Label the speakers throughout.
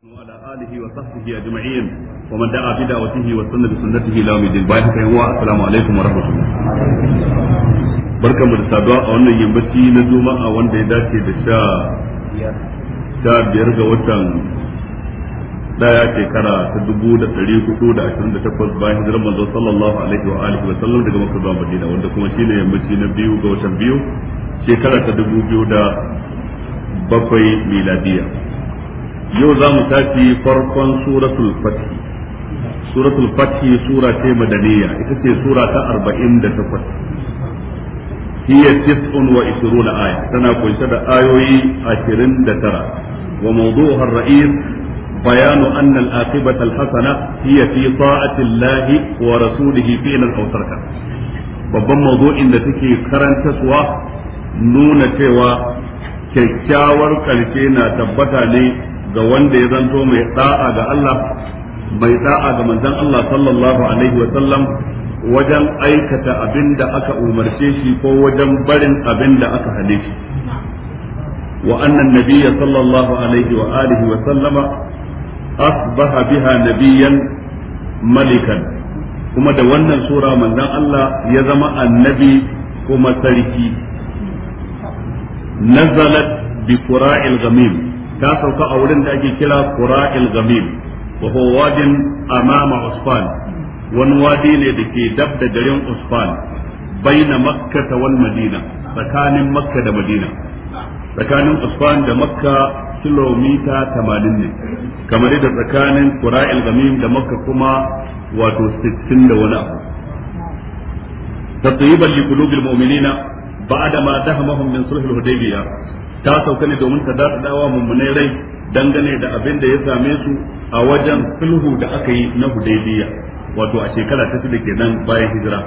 Speaker 1: وعلى آله وصحبه أجمعين ومن دعا بدعوته وسن بسنته إلى يوم الدين هو السلام عليكم ورحمة الله a wannan yammaci na juma'a wanda ya dace da sha sha biyar ga watan daya shekara ta dubu da ɗari hudu da ashirin da takwas bayan hijirar manzon sallallahu alaihi wa daga makka zuwa wanda kuma na biyu ga watan biyu shekara ta dubu biyu da bakwai miladiya yau za mu tafi farkon suratul fathi suratul fathi sura ce madaniya ita ce sura ta 48 hiya tis'un wa ishruna aya tana kunshe da ayoyi ashirin da tara. wa mawdu'uha ar-ra'is بيان أن الآقبة الحسنة هي في طاعة الله ورسوله فعلا أو تركا babban mawdu'in da take karantaswa nuna cewa kyakkyawar karshe na tabbata ne ga wanda ya zanto mai da'a ga Allah mai da'a ga manzon Allah sallallahu alaihi wa sallam wajen aikata abin da aka umarce shi ko wajen barin abin da aka hane shi wa annan nabiyya sallallahu alaihi wa alihi wa sallama asbaha biha nabiyyan malikan kuma da wannan sura manzon Allah ya zama annabi kuma sarki nazalat bi qura'il ghamim ta sauka a wurin da ake kira qura'il gamim wa wadin amama Usman, wani wadi ne da ke dab da garin bai na makka ta wal madina tsakanin makka da madina tsakanin Usman da makka kilomita tamanin ne kamar da tsakanin qura'il gamim da makka kuma wato 60 da wani abu تطيبا لقلوب المؤمنين بعدما دهمهم من صلح الحديبيه ta sauka ne domin ta dasa dawa mummunai rai dangane da abin da ya same su a wajen sulhu da aka yi na hudaybiya wato a shekara ta da ke nan bayan hijira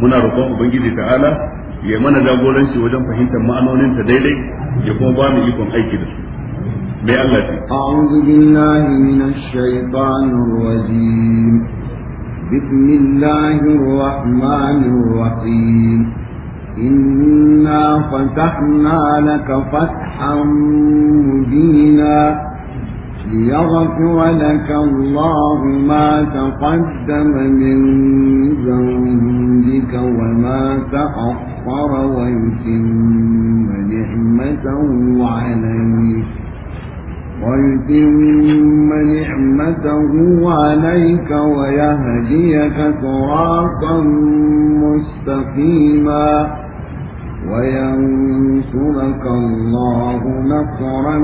Speaker 1: muna roƙon ubangiji ta'ala ya mana jagoranci wajen fahimtar ma'anonin ta daidai ya kuma ba mu ikon aiki da su mai Allah
Speaker 2: ce a'udhu billahi minash shaitanir إنا فتحنا لك فتحا مبينا ليغفر لك الله ما تقدم من ذنبك وما تأخر ويتم نعمته عليك ويتم نعمته عليك ويهديك صراطا مستقيما وينصرك الله نصرا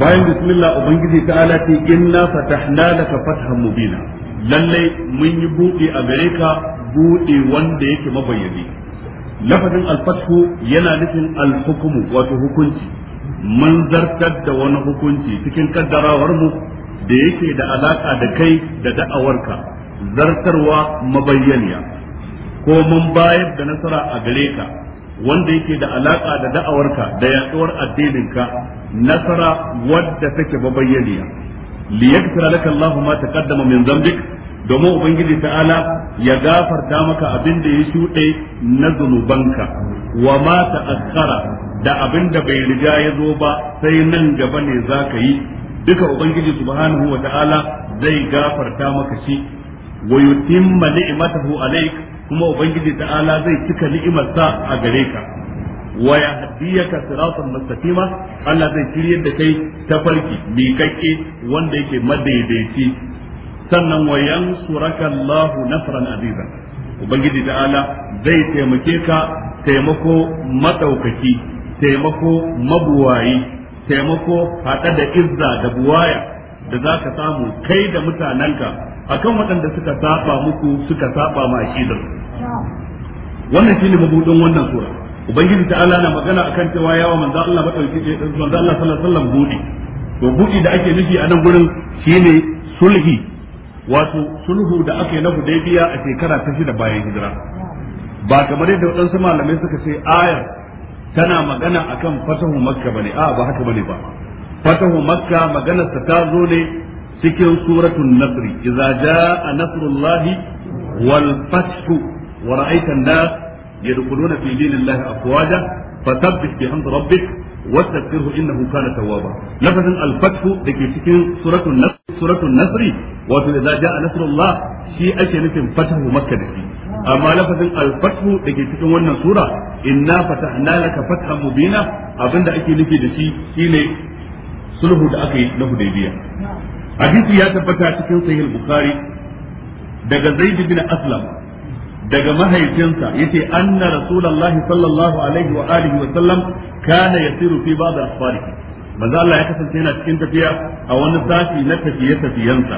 Speaker 2: bayan bismillah ubangiji ta ce inna fatahna laka fathan mubina lalle
Speaker 1: mun yi buɗe a gare ka buɗe wanda yake mabayyani lafazin alfathu yana nufin alhukumu wato hukunci mun zartar da wani hukunci cikin kaddarawar mu da yake da alaka da kai da da'awarka zartarwa mabayyaniya ko mun bayar da nasara a gare ka wanda yake da alaka da da'awarka da yaduwar addininka nasara wadda take babayyaniya liyaghfira laka Allahu ma taqaddama min dhanbik domin ubangiji ta'ala ya gafarta maka abin da ya shuɗe na zunubanka wa ma ta'akkara da abin da bai riga ya zo ba sai nan gaba ne za ka yi duka ubangiji subhanahu wa ta'ala zai gafarta maka shi wa yutimma ni'matahu alayk kuma ubangiji ta'ala zai cika ni'imarsa a gare ka wa ka siratan mustaqima Allah zai shiryar da kai ta mi kake wanda yake madaidaici sannan wa yansuraka Allahu nasran aziza ubangiji ta'ala zai taimake ka taimako madaukaki taimako mabuwayi taimako haɗa da izza da buwaya da za ka samu kai da mutanenka akan waɗanda suka saba muku suka saba ma aqidar wannan shine mabudin wannan sura ubangiji ta'ala na magana akan cewa yawa manzo Allah madauki eh, manzo Allah sallallahu alaihi wasallam budi to budi da ake nufi a nan gurin shine sulhi wato sulhu da ake na hudaybiya a shekara ta shida bayan hijira ba kamar yadda waɗansu malamai suka ce ayar tana magana akan fatahu makka bane a ba haka bane ba fatahu makka maganar ta zo ne cikin suratul nasr idza jaa nasrullahi wal fath wa ra'aita an-nas yadkhuluna fi rabbik cikin wato nasrullah shi ake nufin fatahu makka da shi amma lafazin alfathu da cikin wannan sura inna fatahna laka fathan mubina abinda ake nufi da shi shine sulhu da aka yi na hudaybiya hadisi ya tabbata cikin sahih bukhari daga zaid bin aslam daga mahaifinsa ya ce anna rasulullahi sallallahu alaihi wa alihi wa sallam kana yasiru fi ba'd asfarihi manzo Allah ya kasance yana cikin tafiya a wani zafi na tafiye tafiyensa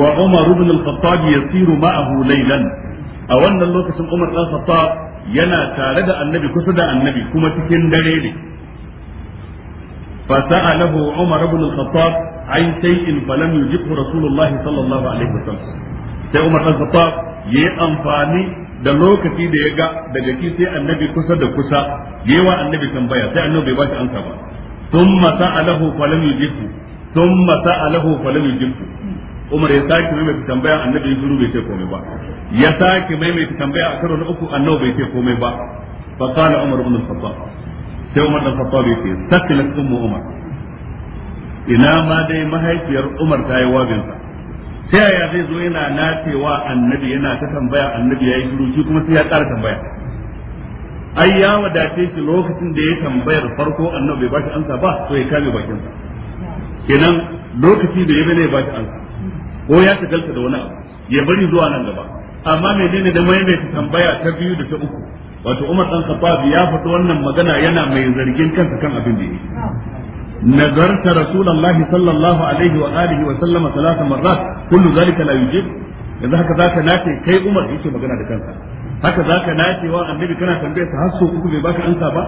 Speaker 1: wa Umar ibn al-Khattab yasiru ma'ahu laylan a wannan lokacin Umar ibn al yana tare da annabi kusa da annabi kuma cikin dare ne فسأله عمر بن الخطاب عن شيء فلم يجبه رسول الله صلى الله عليه وسلم سي عمر بن الخطاب yayi amfani da lokaci da ya ga daga ki sai annabi kusa da kusa yayi wa annabi tambaya sai annabi bai bashi amsa ba thumma sa'alahu lam yujibu thumma sa'alahu lam yujibu Umar ya saki mai tambaya annabi ya zuru bai ce komai ba ya saki mai mai tambaya a karo na uku annabi bai ce komai ba fa qala Umar ibn al-Khattab sai Umar dan Khattab yake sakilat ummu Umar ina ma dai mahaifiyar Umar ta yi wajin sa sai yaya zai zo yana nacewa annabi yana ta tambaya annabi yayi shiru shi kuma sai ya ƙara tambaya ai ya wadace shi lokacin da ya tambayar farko annabi bai bashi amsa ansa ba to ya kame bakin sa kenan lokaci da ya bane ba shi ansa ko ya tagalta da wani abu ya bari zuwa nan gaba amma menene da mai tambaya ta biyu da ta uku wato Umar dan Khattab ya faɗi wannan magana yana mai zargin kansa kan abin da yake نظرت رسول sallallahu alaihi wa alihi wa sallama ثلاث مرات كل ذلك لا يجيب yanzu haka zaka nace kai Umar yake magana da kansa haka zaka nace wa annabi kana tambaye sa har so uku bai baka ansa ba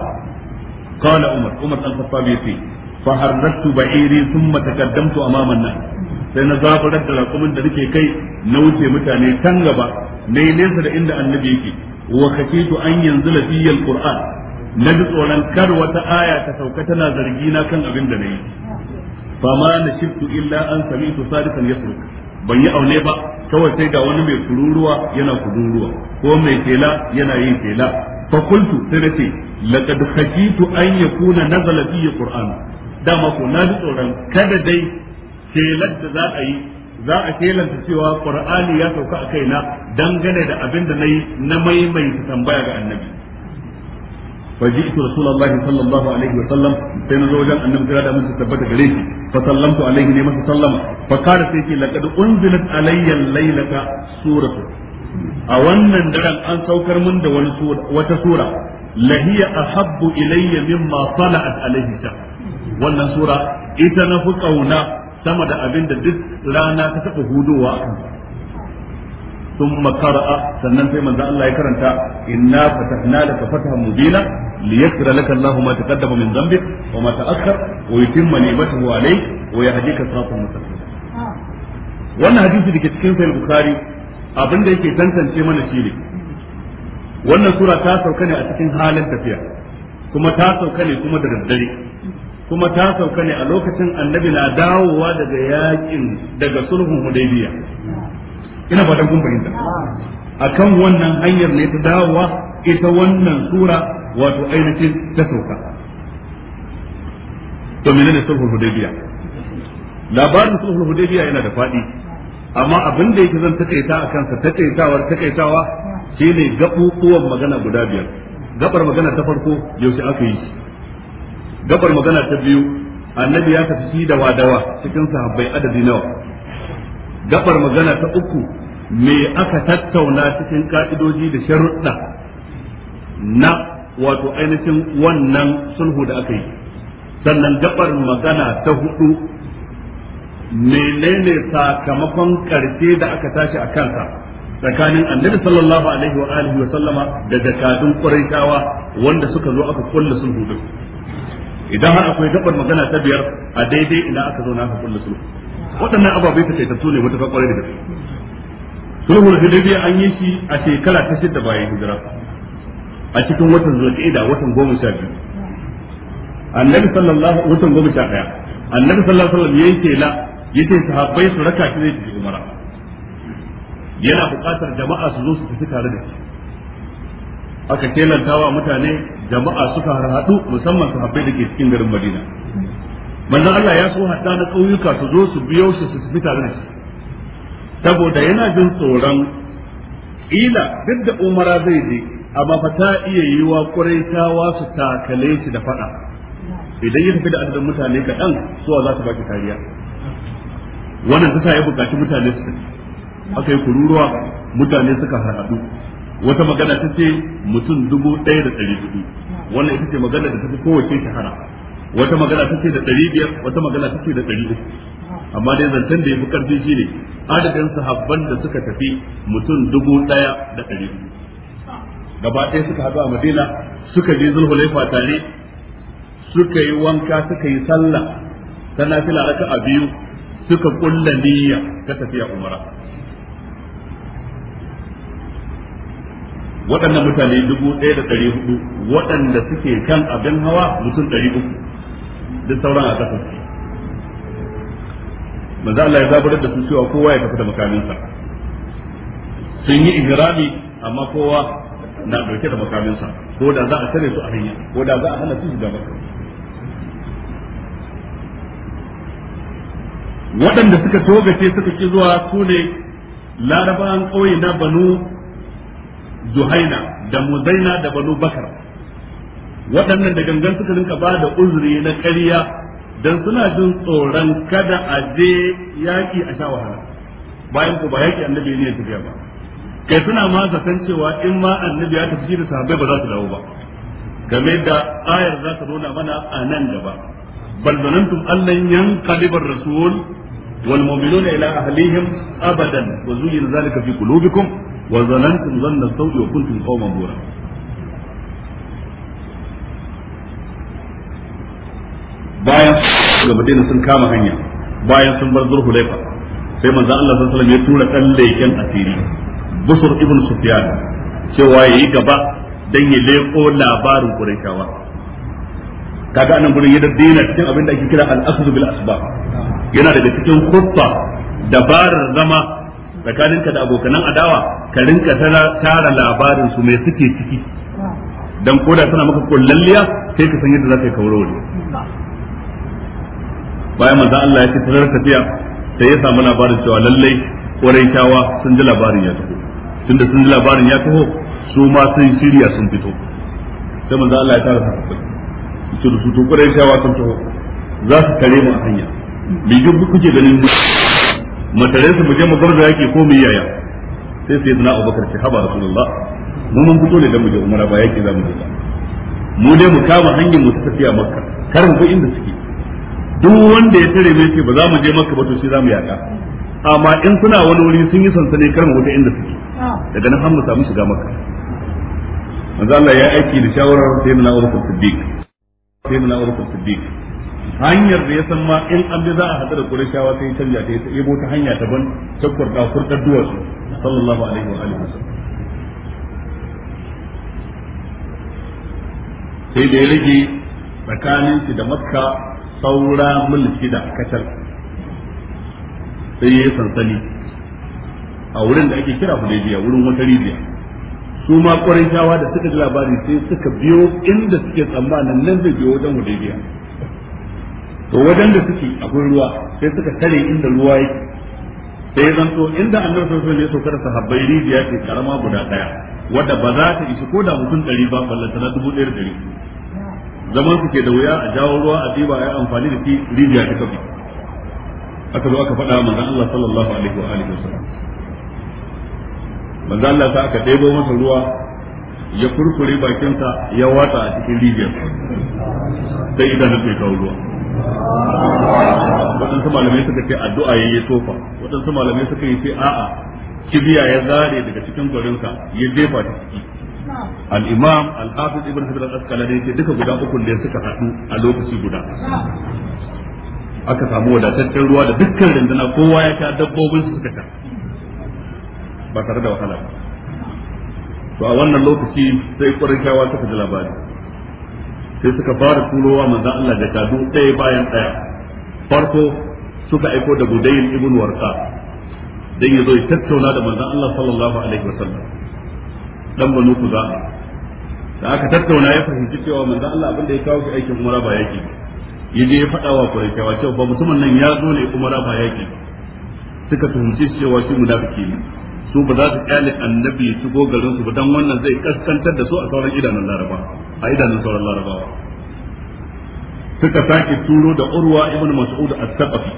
Speaker 1: qala Umar Umar al-Khattab yace fa harrattu ba'iri thumma taqaddamtu amama an-nas sai na zaburar da rakumin da nake kai na wuce mutane tan gaba nayi nesa da inda annabi yake wa khakitu an yanzula fi Na naji tsoron kar wata aya ta sauka tana zargi na kan abin da nayi fama na shiftu illa an samitu sadikan yasruk ban yi aune ba kawai sai ga wani mai kururuwa yana kururuwa ko mai tela yana yin tela fa kuntu sai nace laqad khakitu an yakuna nazala fi alquran dama ko naji tsoron kada dai telar da za a yi za a kelanta cewa qur'ani ya sauka a kaina dangane da abin da nayi na maimaita tambaya ga annabi fa ji ku sallallahu alaihi wa sallam sai nazo wajen annabi kira da tabbata gare shi sallamtu alaihi ne masa sallama fa kada sai ce laqad unzilat alayya al-lailata suratu a wannan daren an saukar min da sura wata sura lahiya ahabbu ilayya mimma sala'at alaihi ta wannan sura ita na fi kauna sama da abin da duk rana ta taɓa hudowa a sai ثم قرأ سنن في منزل الله يكرنت إنا فتحنا لك فتحا مبينا ليغفر لك الله ما تقدم من ذنبك وما تأخر ويتم نعمته عليك ويهديك صراطا مستقيما wannan hadisi da ke cikin sahih bukhari abin da yake tantance mana shine wannan sura ta sauka ne a cikin halin tafiya kuma ta sauka ne kuma da daddare kuma ta sauka ne a lokacin annabi na dawowa daga yakin daga sulhun hudaybiya ina ba dan kun fahimta akan wannan hanyar ne ta dawowa ita wannan sura wato ainihin ta sauka to menene sulhun hudaybiya labarin sulhun hudaybiya yana da fadi amma abin da yake zan takaita a kansa takaitawar takaitawa shine gabubuwan magana guda biyar gabar magana ta farko yaushe aka yi gabar magana ta biyu annabi ya tafi shi dawa dawa cikin sahabbai adadi nawa gabar magana ta uku me aka tattauna cikin ka'idoji da sharuɗa na wato ainihin wannan sulhu da aka yi sannan gabar magana ta hudu menene sakamakon karshe da aka tashi a kansa tsakanin annabi sallallahu alaihi wa alihi wa sallama da jakadun quraishawa wanda suka zo aka kulla sulhu din idan har akwai gabar magana ta biyar a daidai ina aka zauna ka kullu sulhu waɗannan ababai ta ta ne mutaka kwarai da gaske sulhul hudaybiya an yi shi a shekara ta shidda bayan hijira a cikin watan zulqa'ida watan goma sha biyu annabi sallallahu watan goma sha daya annabi sallallahu alaihi wasallam yake la yake sahabbai su raka shi ne cikin umara yana buƙatar jama'a su zo su tafi tare da shi aka kelantawa mutane jama'a suka harhaɗu musamman su haɓe da ke cikin garin Madina manzon Allah ya so hada na ƙauyuka su zo su biyo shi su tafi tare da shi saboda yana jin tsoron ila duk da umara zai je amma fa ta iya yi yiwa ƙuraitawa su takale shi da faɗa idan ya tafi da adadin mutane kaɗan suwa za su baki kariya wannan ta sa ya buƙaci mutane su tafi aka yi kururuwa mutane suka harhaɗu wata magana ta ce mutum dubu ɗaya da ɗari hudu wannan ita ce magana da ta fi kowace shahara wata magana ta ce da ɗari biyar wata magana ta ce da ɗari uku amma dai zancen da ya fi ƙarfi shi ne adadin sahabban da suka tafi mutum dubu ɗaya da ɗari hudu gaba ɗaya suka haɗu a madina suka je zulhulaifa tare suka yi wanka suka yi sallah ta nafila a biyu suka ƙulla niyya ta tafiya umara waɗannan mutane dubu ɗaya da ɗari hudu waɗanda suke kan abin hawa mutum ɗari uku duk sauran a ƙasa su manzo Allah ya zaburar da su cewa kowa ya tafi da makaminsa sun yi ihrami amma kowa na ɗauke da makaminsa ko da za a tare su a hanya ko da za a hana su shiga makaminsa waɗanda suka togace suka ci zuwa su ne larabawan ƙauye na banu juhaina da muzaina da banu bakar waɗannan da gangan suka rinka ba da uzuri na ƙarya dan suna jin tsoron kada a je yaƙi a sha wahala bayan ku ba yaƙi annabi ne ya tafiya ba kai suna ma zaton cewa in ma annabi ya tafi da sahabbai ba za su dawo ba game da ayar za ta nuna mana a nan gaba bal zanantum allan yanqalibar rasul wal mu'minuna ila ahlihim abadan wa zuyina zalika fi qulubikum wa zanantum zanna sawi wa kuntum bura bayan da Madina sun kama hanya bayan sun bar laifa sai manzo Allah sallallahu alaihi wasallam ya tura dan leken asiri Busur ibn Sufyan cewa yayi gaba dan ya leko labarin Qurayshawa kaga anan gurin ya daina cikin abin da ake kira al-akhdhu bil asbab yana daga cikin kuffa dabarar zama tsakaninka da abokanan adawa ka rinka tara labarin su mai suke ciki dan koda suna maka kullalliya sai ka san yadda zaka yi wani ne bayan manzo Allah ya ce tarar tafiya sai ya samu labarin cewa lallai shawa sun ji labarin ya taho tunda sun ji labarin ya taho su ma sun shirya sun fito sai manzo Allah ya tara sahabbai su da su to shawa sun taho za su kare mu a hanya bi duk kuke ganin matare su mu je mu gurza yake ko mu yaya sai sai na Abubakar ce haba Rasulullah mu mun fito ne dan mu je Umara ba yake za mu je mu dai mu kama hanyar mu tafiya Makka kar mu inda suke duk wanda ya tare mai ce ba za mu je Makka ba to shi za mu yaka amma in suna wani wuri sun yi sansani kar mu wuta inda suke daga nan har mu samu shiga Makka manzo Allah ya aiki da shawarar sayyidina Abubakar Siddiq sayyidina Abubakar Siddiq hanyar da ya san ma in an bi za a hada da qurayshawa sai canja ta yi sai yabo ta hanya daban ta kurda duwa su sallallahu alaihi wa alihi sai da ya rage tsakanin shi da makka saura mil da kacal sai ya yi sansani a wurin da ake kira hudaybiya wurin wata rijiya su ma ƙwarin shawa da suka ji labari sai suka biyo inda suke tsammanin nan zai biyo wajen hudaybiya to wajen da suke akwai ruwa sai suka tare inda ruwa yake sai zanto inda annar sosai ne so ya saukar sahabbai rijiya ce karama guda daya wadda ba za ta isa ko da mutum ɗari ba ballanta na dubu ɗaya ɗari zaman su ke da wuya a jawo ruwa a ɗiba ya amfani da shi rijiya ta kafi aka zo aka faɗa manzan Allah sallallahu alaihi wa alihi sallam manzan Allah ta aka ɗebo masa ruwa ya kurkure bakinsa ya watsa a cikin rijiyar sai idan na ke kawo ruwa
Speaker 3: waɗansu malamai suka ce addu'a ya
Speaker 1: yi tofa waɗansu malamai suka yi ce a'a kibiya ya zare daga cikin gwarinsa ya jefa ta ciki al-imam ibn hajar al duka guda uku ne suka haɗu a lokaci guda aka samu wadataccen ruwa da dukkan rindina kowa ya sha dabbobin su suka ta ba tare da wahala ba to a wannan lokaci sai kwarin kyawa suka ji labari sai suka fara turowa manzan Allah da kadu ɗaya bayan ɗaya farko suka aiko da gudayin ibn Warqa dan yazo ya tattauna da manzan Allah sallallahu alaihi wasallam dan banu za da aka tattauna ya fahimci cewa manzan Allah abin da ya kawo shi aikin umara ba yake ya je ya faɗa wa Qurayshawa cewa ba mutumin nan ya zo ne umara ba yake suka tuhumci cewa shi munafiki ne su ba za su kyale annabi ya shigo garin su ba dan wannan zai kaskantar da su a sauran idanun laraba a idanun sauran larabawa suka sake turo da urwa ibn mas'ud at-taqafi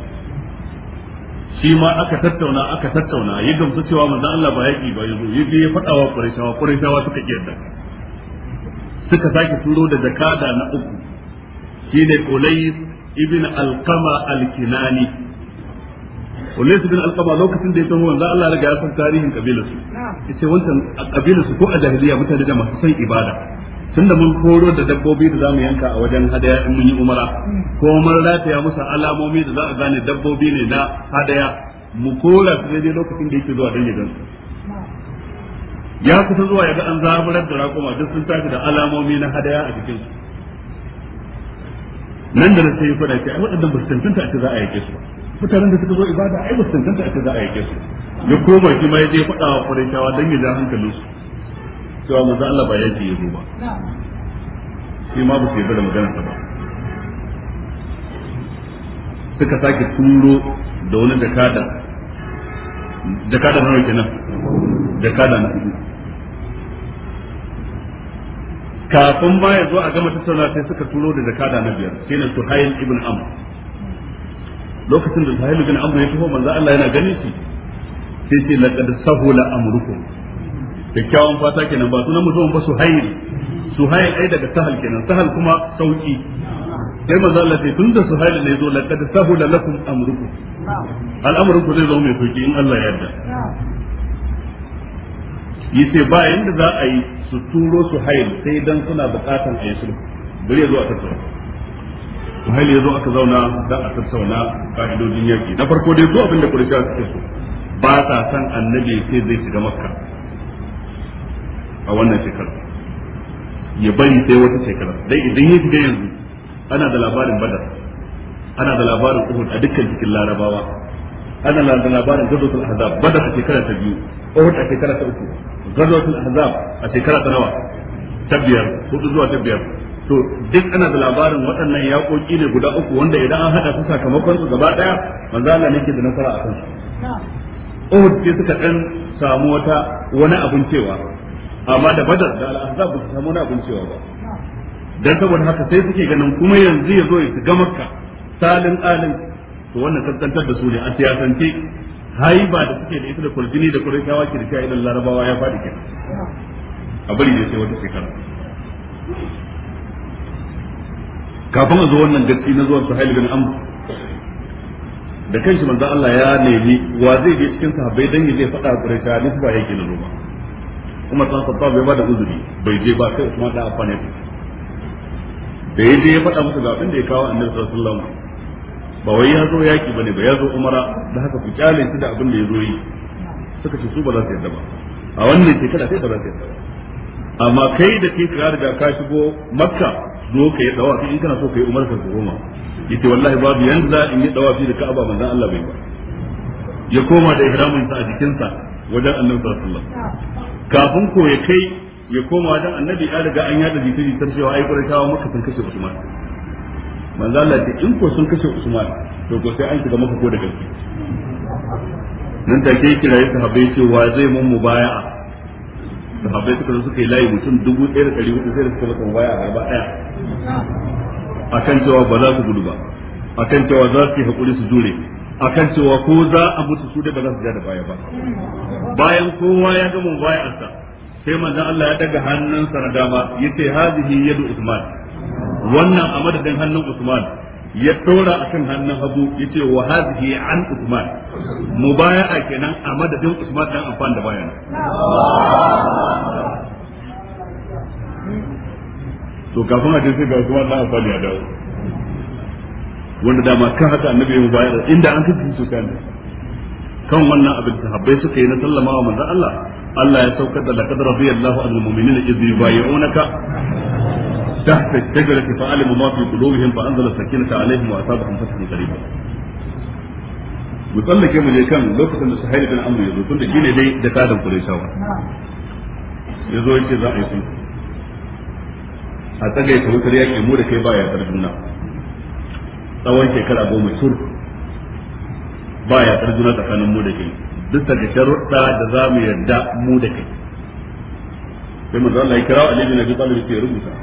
Speaker 1: shi ma aka tattauna aka tattauna yi gamsu cewa manzon Allah ba yaki ba yazo yaje ya fada wa quraishawa quraishawa suka kiyarda suka sake turo da jakada na uku shine Qulay ibn Alqama al-Kinani Ulaysu bin Alqama lokacin da ya taho manzo Allah riga ya san tarihin kabilarsu yace wancan kabilarsu ko a jahiliya mutane da masu son ibada tunda mun koro da dabbobi da zamu yanka a wajen hadaya in mun yi umara hmm. ko mun rataya musu alamomi da za a gane dabbobi ne na hadaya mu kora su daidai lokacin da yake zuwa dan gansu ya kusa zuwa yaga an zaburar da raƙuma duk sun tafi da alamomi na hadaya a jikinsu nan da sai ya faɗa ce ai waɗannan ba su tantanta a ce za a yake su ba mutanen da suka zo ibada ai ba su tantance ake za a yake su ya koma shi ma ya je faɗa wa Qurayshawa don ya ja hankalin su cewa manzo Allah ba yake yazo ba shi ma ba su yarda da magana ta ba suka sake turo da wani jakada jakada nawa kenan jakada na kafin ba ya zo a gama tattauna sai suka turo da jakada na biyar sai na Suhail ibn Amr lokacin da sahilu bin amru ya taho manzo Allah yana ganin shi sai ce laqad sahula amrukum kyakkyawan fata kenan ba sunan musamman ba Su suhail ai daga sahal kenan sahal kuma sauki sai manzo Allah sai tunda suhail ne zo laqad sahula lakum amrukum al'amarin ku zai zama mai sauki in Allah ya yarda yace ba yadda za a yi su turo su suhail sai dan suna bukatan a yi sulhu bari zo a suhaili ya zo aka zauna da a tattauna ka'idojin yaki na farko dai zuwa abin da kurja suke so ba sa san annabi sai zai shiga makka a wannan shekarar ya bari sai wata shekarar dai idan ya shiga yanzu ana da labarin badar ana da labarin uhud a dukkan cikin larabawa ana da labarin gazotul ahzab badar a shekara ta biyu uhud a shekara ta uku gazotul ahzab a shekara ta nawa ta biyar hudu zuwa ta biyar to duk ana da labarin waɗannan yaƙoƙi ne guda uku wanda idan an haɗa su sakamakon su gaba ɗaya manzo Allah ne ke da nasara a
Speaker 3: su.
Speaker 1: Uhud sai suka ɗan samu wata wani abin cewa amma da Badar da Al-Ahzab ba su samu wani abin cewa ba dan saboda haka sai suke ganin kuma yanzu ya zo ya shiga Makka salin alin to wannan kaskantar da su ne a siyasance ba da suke da ita da kurjini da kurashawa ke da shi a idan larabawa ya faɗi kenan a bari ne sai wata shekara kafin a zo wannan gaske na zuwan suhail bin amr da kanshi manzo Allah ya nemi wa zai je cikin sahabbai dan ya zai faɗa Quraisha ne ba yake na ruwa kuma san sabba bai ba da uzuri bai je ba sai Usman da Affan ya da ya je ya faɗa musu ga abin da ya kawo Annabi sallallahu alaihi wasallam
Speaker 2: ba wai ya zo yaki
Speaker 1: bane ba ya zo umara da haka ku kyale shi da abin da ya zo yi suka ce su ba za su yarda ba a wannan shekara sai ba za su yarda ba amma kai da kai ka riga ka shigo Makka zo ka yi dawafi in kana so ka yi umar ka ma yace wallahi babu yanda in yi dawafi da ka'aba manzo Allah bai ba ya koma da ihramin sa a sa wajen annabi sallallahu alaihi wasallam kafin ko ya kai ya koma wajen annabi ya riga an yada jita jitar cewa ai qurayshawa maka sun kashe Usman manzo Allah ce in ko sun kashe Usman to ko sai an shiga maka ko da gaske nan take yake sahabbai ce wa zai mun mubaya'a sahabbai suka zo suka yi layi mutum dubu ɗaya da ɗari hudu sai da suka masa baya a gaba ɗaya kan cewa ba za su gudu ba kan cewa za su yi haƙuri su jure kan cewa ko za a mutu su da ba za su ja da baya ba bayan kowa ya gama bayarsa sai manzon Allah ya daga hannunsa na dama yace hazihi yadu Usman wannan a madadin hannun Usman ya dora kan hannun hagu ce wa hadhihi an Usman mu baya a kenan a madadin Usman dan amfani da bayan to kafin a sai ga Usman dan amfani ya dawo wanda dama kan haka annabi ya mubaya'a inda an kace su kan kan wannan abin sahabbai suka yi na sallama wa manzon Allah Allah ya saukar da laqad radiyallahu anil mu'minina idh yubayyi'unaka تحت الشجرة فعلموا ما في قلوبهم فأنزل السكينة عليهم وأصابهم فتحا قريبا. مثلا كم جاي كم لوكس بن سهيل بن عمرو يزول كنت جينا دي دكادا قريشاوا. يزول يجي رئيسي. حتى جاي تقول لي يا مولي كيبا يا ترجمنا. تو انت كلا بوم سر. بايا ترجمنا تكان مولي كي. دتا كشرطا جزامي يدا مولي كي. كما قال الله يكرا الذين يطالبوا في رمزه.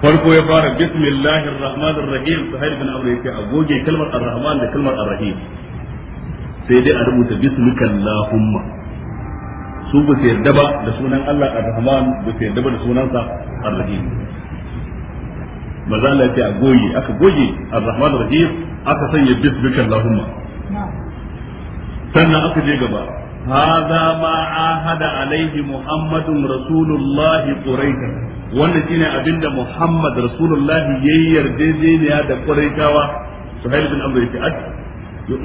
Speaker 1: farko ya fara bismillahir rahmanir rahim sahih bin abu yake a goge kalmar ar-rahman da kalmar ar-rahim sai dai a rubuta bismikallahumma su ba su yarda ba da sunan Allah ar-rahman ba su yarda ba da sunansa ar-rahim maza Allah ya goge aka goge ar-rahman ar-rahim aka sanya bismikallahumma sannan aka je gaba هذا ما عاهد عليه محمد رسول الله قريشا wannan shine abin da Muhammad Rasulullahi ya yi yarjejeniya da Quraishawa Suhail bin Amr yace at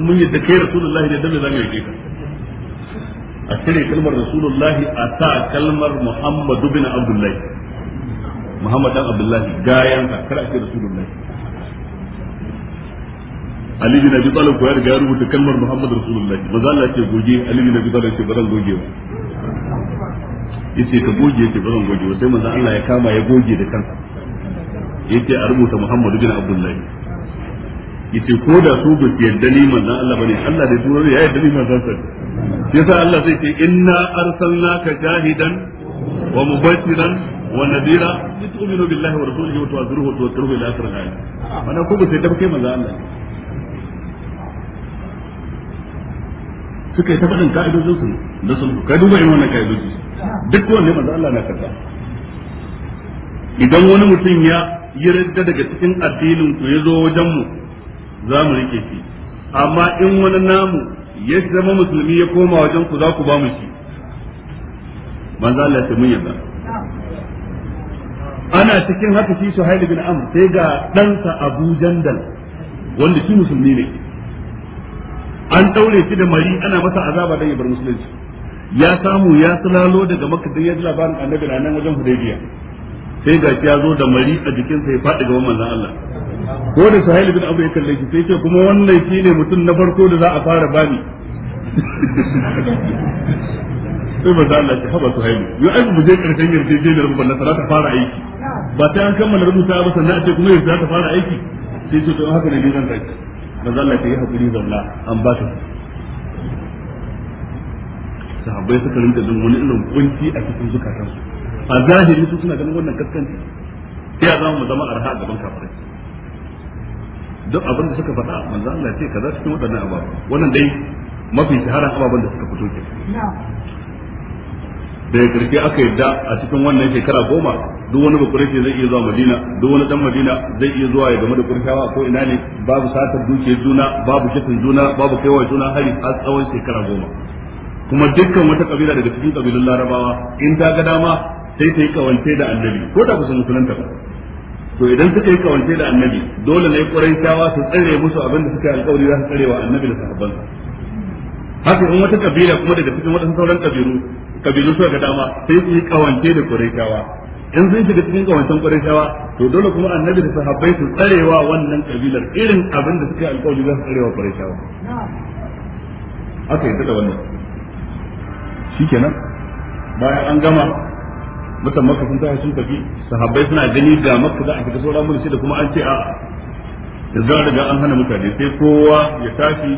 Speaker 1: mun yadda kai Rasulullahi ne dan me zamu yake ka a cire kalmar Rasulullahi a ta kalmar Muhammad bin Abdullahi Muhammad dan Abdullahi gayan ka kar a ce Rasulullahi Ali bin Abi Talib ko ya riga rubuta kalmar Muhammad Rasulullahi Allah ce goge Ali bin Abi Talib ce bazan goge ba yace ka goge yace bazan goge ba sai manzo Allah ya kama ya goge da kansa yace a rubuta Muhammad bin yace ko da su ba su yarda ni manzo Allah bane Allah da ya yarda ni manzo yasa Allah sai ce inna arsalnaka wa mubashiran wa nadira litu'minu billahi wa rasulihi wa wa ila akhir al-ayat ko ba sai tabbake manzo Allah suka yi ta faɗin ka'idojin su da sun ka duba irin wannan ka'idoji duk ne manzo Allah na karba idan wani mutum ya yi radda daga cikin addinin ku ya zo wajen mu za mu rike shi amma in wani namu ya zama musulmi ya koma wajen ku za ku ba mu shi manzo Allah ya mun yadda ana cikin haka shi Suhail bin Amr sai ga ɗansa Abu Jandal wanda shi musulmi ne an daure shi da mari ana masa azaba dan ya bar musulunci ya samu ya sulalo daga makka dan ya ji labarin annabi na nan wajen hudaybiya sai ga ya zo da mari a jikinsa ya faɗi ga manzon Allah ko da sahil bin abu ya kalle shi sai ce kuma wannan shine mutum na farko da za a fara bani sai ba za Allah ce haba sahil yo ai mu je karshen yarjejeniyar mu ballan nasara ta fara aiki ba ta an kammala rubuta ba sannan a ce kuma yanzu za ta fara aiki sai ce to haka ne zan tafi manzo ta yi hakuri zalla an ba ta sahabbai suka rinka jin wani irin kunci a cikin su a zahiri su suna ganin wannan kaskanci sai a zama mu zama arha a gaban kafirai duk abin da suka faɗa manzo Allah ya ce kaza cikin waɗannan ababa wannan dai mafi shahara ababan da suka fito ke daga karshe aka yadda a cikin wannan shekara goma duk wani bakurashi zai iya zuwa madina duk wani dan madina zai iya zuwa ya game da kurshawa ko ina ne babu satar dukiyar juna babu shafin juna babu kaiwa juna hari har tsawon shekara goma kuma dukkan wata kabila daga cikin kabilun larabawa in ta ga dama sai ta yi kawance da annabi ko da kusa musulunta ba to idan suka yi kawance da annabi dole ne quraishawa su tsare musu abin da suka yi alƙawari za su tsare wa annabi da sahabbansa haka in wata kabila kuma daga cikin wadansu sauran kabilu kabilu suka ga dama sai su yi kawance da kurejawa in sun shiga cikin kawancen kurejawa to dole kuma annabi da sahabbai su tsarewa wannan kabilar irin abin da suka alƙawari za su tsarewa kurejawa aka yadda da wannan shikenan bayan an gama mutan makka sun tashi sun tafi sahabbai suna gani ga makka za a fita sauran mulki da kuma an ce a za a riga an hana mutane sai kowa ya tashi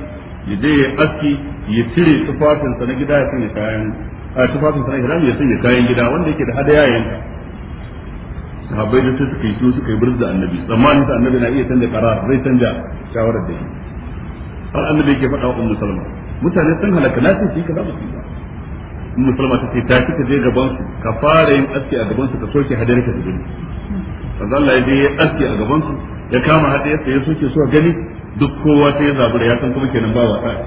Speaker 1: ya je ya aski ya cire tufafinsa na gida ya sanya kayan a tufafin sana ihrami ya sanya kayan gida wanda yake da hadaya yanka sahabbai da sai suka yi su suka yi burza annabi tsammanin sa annabi na iya canza karar zai canza shawarar da shi har annabi yake faɗa wa ummu salma mutane sun halaka na sun yi kaza ba su ba ummu salma ta ce ta ki ka je gaban su ka fara yin aski a gaban su ka soke hadayar ka da gani manzo Allah ya je aski a gaban su ya kama hadayar sa ya soke su a gani duk kowa sai ya zabura ya san kuma kenan ba wasa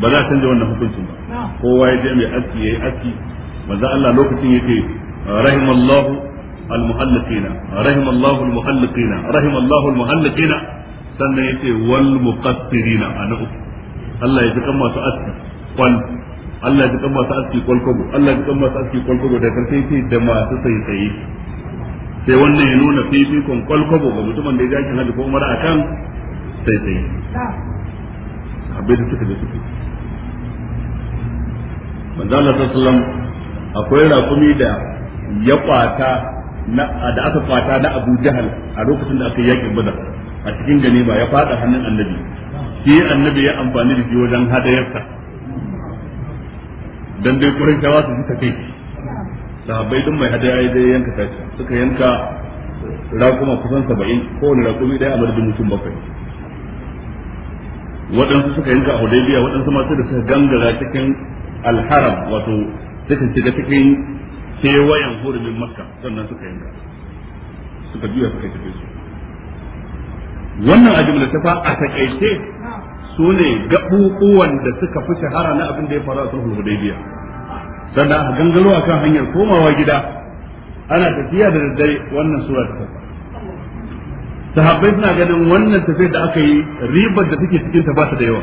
Speaker 1: ba za a canza wannan hukuncin ba kowa ya je mai aski ya yi aski manzo Allah lokacin yake rahimallahu almuhalliqina rahimallahu almuhalliqina rahimallahu almuhalliqina sannan yace wal muqassirina ana uku Allah ya ji kan masu aski kwal Allah ya ji kan masu aski kwalkwago Allah ya ji kan masu aski kwalkwago da karshe yace da masu saitsaye sai wannan ya nuna fifikon kwalkwabo ga mutumin da ya jakin hajji ko umara akan sai sai abin da suka da suke manzo Allah sallallahu akwai rakumi da ya kwata na da aka kwata na Abu Jahal a lokacin da aka yaki Badr a cikin ganima ya fada hannun Annabi shi Annabi ya amfani da shi wajen hadayarsa dan dai Qurayshawa su suka kai sahabbai duk mai hadaya dai yanka tashi suka yanka rakuma kusan 70 ne rakumi dai a madadin mutum bakwai waɗansu suka yanka a hudaybiya waɗansu ma sai da suka gangara cikin alharam wato تكن shiga cikin kewayen hurumin makka sannan suka yanka سكين juya suka tafi wannan a ta fa a takaice su ne gaɓuɓuwan da suka fi shahara na abin da ya faru a sulhul hudaybiya sannan a gangaro kan hanyar komawa gida ana tafiya da daddare wannan sura ta tafa sahabbai suna ganin wannan tafiyar da aka yi ribar da take cikin ta ba ta da yawa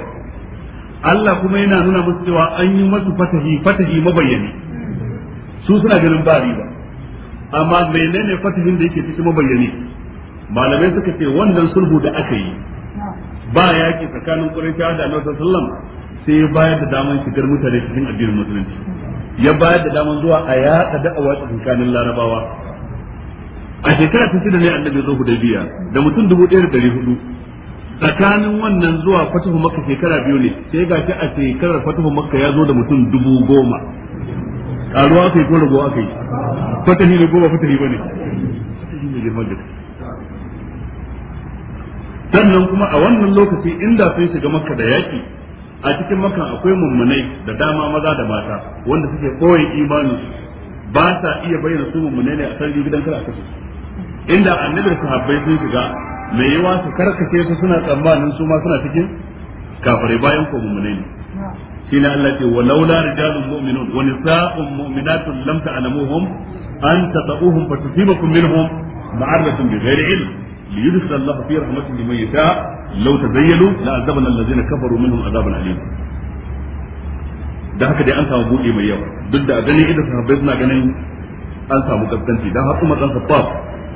Speaker 1: Allah kuma yana nuna musu cewa an yi masu fatahi fatahi mabayyani su suna ganin ba riba amma menene fatahin da yake cikin mabayyani malamai suka ce wannan sulhu da aka yi ba yaki tsakanin Quraysh da Annabi sallallahu sai ya bayar da daman shigar mutane cikin addinin musulunci ya bayar da daman zuwa a yaɗa da'awa tsakanin larabawa a shekara ta da ne annabi zo hudaybiya da mutum dubu ɗaya da ɗari hudu tsakanin wannan zuwa fatuhu makka shekara biyu ne sai ga shi a shekarar fatuhu makka ya zo da mutum dubu goma karuwa aka yi ko rago aka yi fatahi ne goma fatahi ba ne sannan kuma a wannan lokaci inda sun shiga makka da yaki a cikin makka akwai mummunai da dama maza da mata wanda suke koyi imanin ba sa iya bayyana su mummunai ne a sarki gidan kar a kasu inda annabi sahabbai sun shiga mai yawa su karkace su suna tsammanin su ma suna cikin
Speaker 2: kafare bayan
Speaker 1: ko mummune ne shine Allah ce walaula rijalun mu'minun wa nisa'un mu'minatun lam ta'lamuhum an tata'uhum fatusibakum minhum ma'aratun bighairi ilm liyudkhil Allah fi rahmatihi liman yasha law tazayyalu la'azabna alladhina kafaru minhum azaban alim da haka dai an samu buɗe mai yawa duk da a ganin idan sahabbai suna ganin an samu kaskanci dan har Umar dan Khattab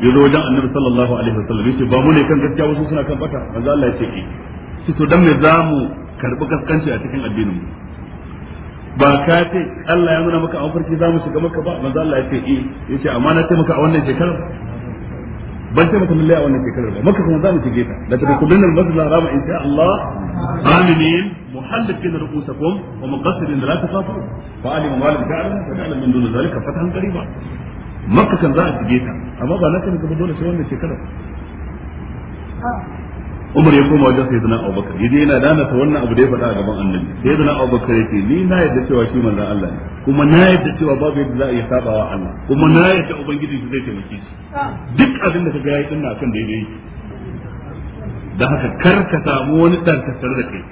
Speaker 1: ya zo wajen annabi sallallahu alaihi wasallam yace ba mu ne kan gaskiya wasu suna kan bata manzo Allah ya ce eh shi to dan me zamu karbi kaskanci a cikin addinin mu ba ka ce Allah ya nuna maka a zamu shiga maka ba manzo Allah ya ce eh yace amma na ce maka a wannan shekarar ban ce maka lallai a wannan shekarar ba maka kuma zamu shige ta da ta kullun al-masjid al-haram sha Allah aminin muhallikin ru'usakum wa muqassirin la tafatu fa alim ma ta'lam fa ta'lam min dun zalika fatahan qariba makka kan za a shige ta amma ba na kan gaba dole sai wannan shekarar umar ya koma wajen sayyidina abubakar yaje yana dana ta wannan abu da ya faɗa a gaban annabi sayyidina abubakar yace ni na yadda cewa shi manzon Allah ne kuma na yadda cewa babu yadda za a iya sabawa Allah kuma na yadda ubangiji shi zai taimake shi duk abin da kaga yayi dinna akan daidai yake da haka kar ka samu wani tarkatar da kai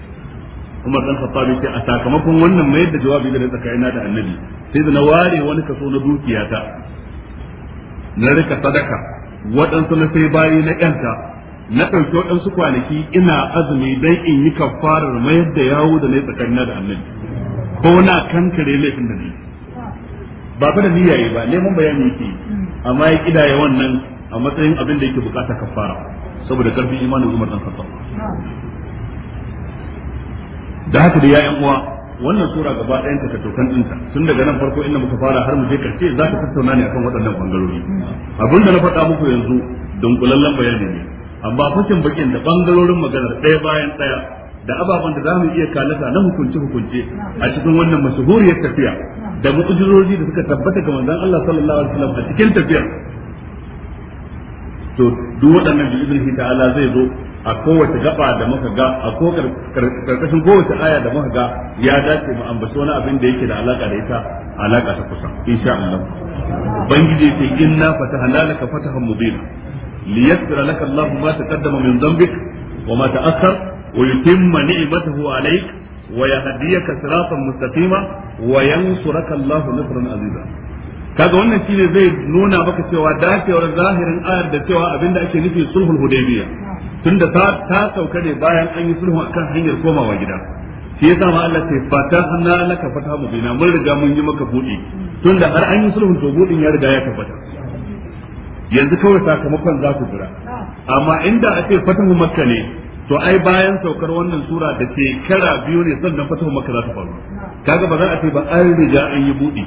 Speaker 1: Umar dan Khattab yace a sakamakon wannan mai da jawabi da tsakaina da annabi sai na ware wani kaso na dukiyata na rika sadaka waɗansu na sai bayi na ƴanta na ɗauki waɗansu kwanaki ina azumi dan in yi kafarar mayar da yawo da na yi tsakanina da annabi ko na kankare laifin da ni ba fa da niyya ba neman bayani yake amma ya ƙidaya wannan a matsayin abin da yake bukata kafara saboda karfin imanin Umar dan Khattab da haka da ya'yan uwa wannan sura gaba ɗayan ta katokan ɗinta tun daga nan farko inda muka fara har mu je karshe za ka tattauna ne akan waɗannan bangarori da na faɗa muku yanzu dunkulallen bayani ne amma fashin bakin da bangarorin maganar ɗaya bayan ɗaya da ababen da za mu iya kalata na hukunce hukunce a cikin wannan mashahuriyar tafiya da mu'ujirori da suka tabbata ga manzon Allah sallallahu alaihi wasallam a cikin tafiya, to duk waɗannan bi izinin ta'ala zai zo a kowace gaba da muka ga a ko karkashin kowace aya da muka ga ya dace mu ambaci wani abin da yake da alaka da ita alaka ta kusa insha Allah ubangiji ya ce inna fatahna laka fatahan mubina liyassira laka Allah ma taqaddama min dhanbik wa ma ta'akhkhar wa yutimma ni'matahu alayk wa yahdiyaka siratan mustaqima wa yansuraka Allah nasran aziza kaga wannan shine zai nuna maka cewa dacewar zahirin ayar da cewa abinda ake nufi sulhul hudaybiya tunda ta ta sauka ne bayan an yi sulhu akan hanyar komawa gida shi yasa ma Allah sai hanna laka fataha mubina mun riga mun yi maka buɗi tunda har an yi sulhun to buɗin ya riga ya tabbata yanzu kawai sakamakon za ku jira amma inda ake ce fatahu makka ne to ai bayan saukar wannan sura da shekara biyu ne sannan fatahu makka za ta faru kaga ba za a ce ba an riga an yi buɗi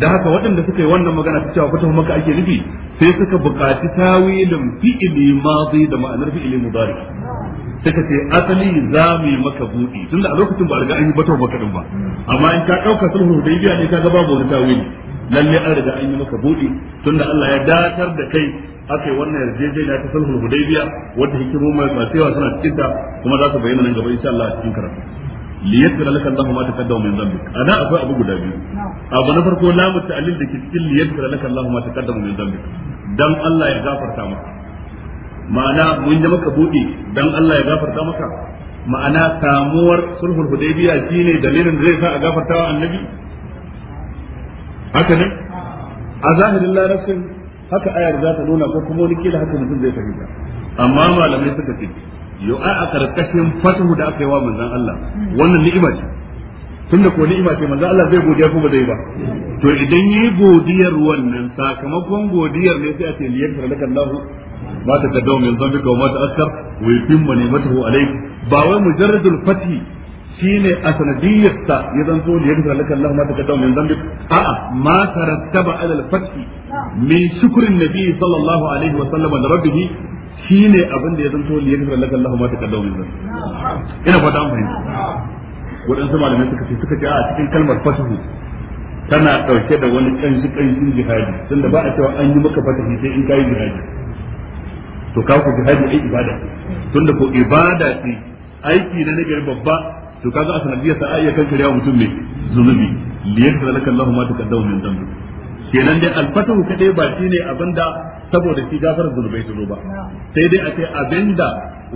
Speaker 1: da haka waɗanda suka yi wannan magana ta cewa fatahu maka ake nufi sai suka buƙaci tawilin fi'ili mazi da ma'anar fi'ili mudari suka ce asali za mu yi maka buɗi tunda a lokacin ba a riga an yi batar maka ba amma in ka ɗauka sulhu hudaybiya ne ka ga babu wani tawili lalle an riga an yi maka buɗi tunda Allah ya datar da kai aka yi wannan yarjejeniya ta sulhu hudaybiya wanda hikimomi masu yawa suna cikinta kuma za su bayyana nan gaba insha Allah a cikin karatu liyaghfira laka Allahu ma taqaddama min dhanbik ana akwai abu guda biyu abu na farko lamu ta'lil da ke cikin liyaghfira laka Allahu ma taqaddama min dhanbik dan Allah ya gafarta maka ma'ana mun yi maka buɗe dan Allah ya gafarta maka ma'ana samuwar sulhul hudaybiya shine dalilin da zai sa a gafarta wa annabi haka ne a zahirin larabcin haka ayar za ta nuna ko kuma wani kila haka mutum zai fahimta amma malamai suka ce yau ai a karkashin fatahu da aka yi wa manzon Allah wannan ni'ima ce tunda ko ni'ima ce manzon Allah zai godiya ko ba zai ba to idan yi godiyar wannan sakamakon godiyar ne sai a ce liyakar laka Allah ma ta kaddau min zambika wa ma ta askar wa yutimma ni'matahu alayk ba wai mujarradul fati shine a ta. ya zanto da yadda laka Allah ma takaddama min dhanbik a'a ma tarattaba ala al-fath min shukrin nabi sallallahu alaihi wa sallam da rabbih shi ne abin da ya zanto liya gafara laka Allah ma ta min dhanbi
Speaker 3: ina fata an fahimta
Speaker 1: waɗansu malamai suka ce suka ce a cikin kalmar fasihu tana ɗauke da wani ƙanshi ƙanshin jihadi tunda ba a cewa an yi maka fasihu sai in kayi jihadi to ka ku jihadi ai ibada tunda ko ibada ce aiki na nagari babba to ga a sanadiyar sa ayya kan kariya mutum ne zunubi liyakra laka Allah ma taqaddama min dhanbi kenan dai alfatahu kadai ba shine abinda saboda shi gafar zunubai ta zo ba sai dai a ce abinda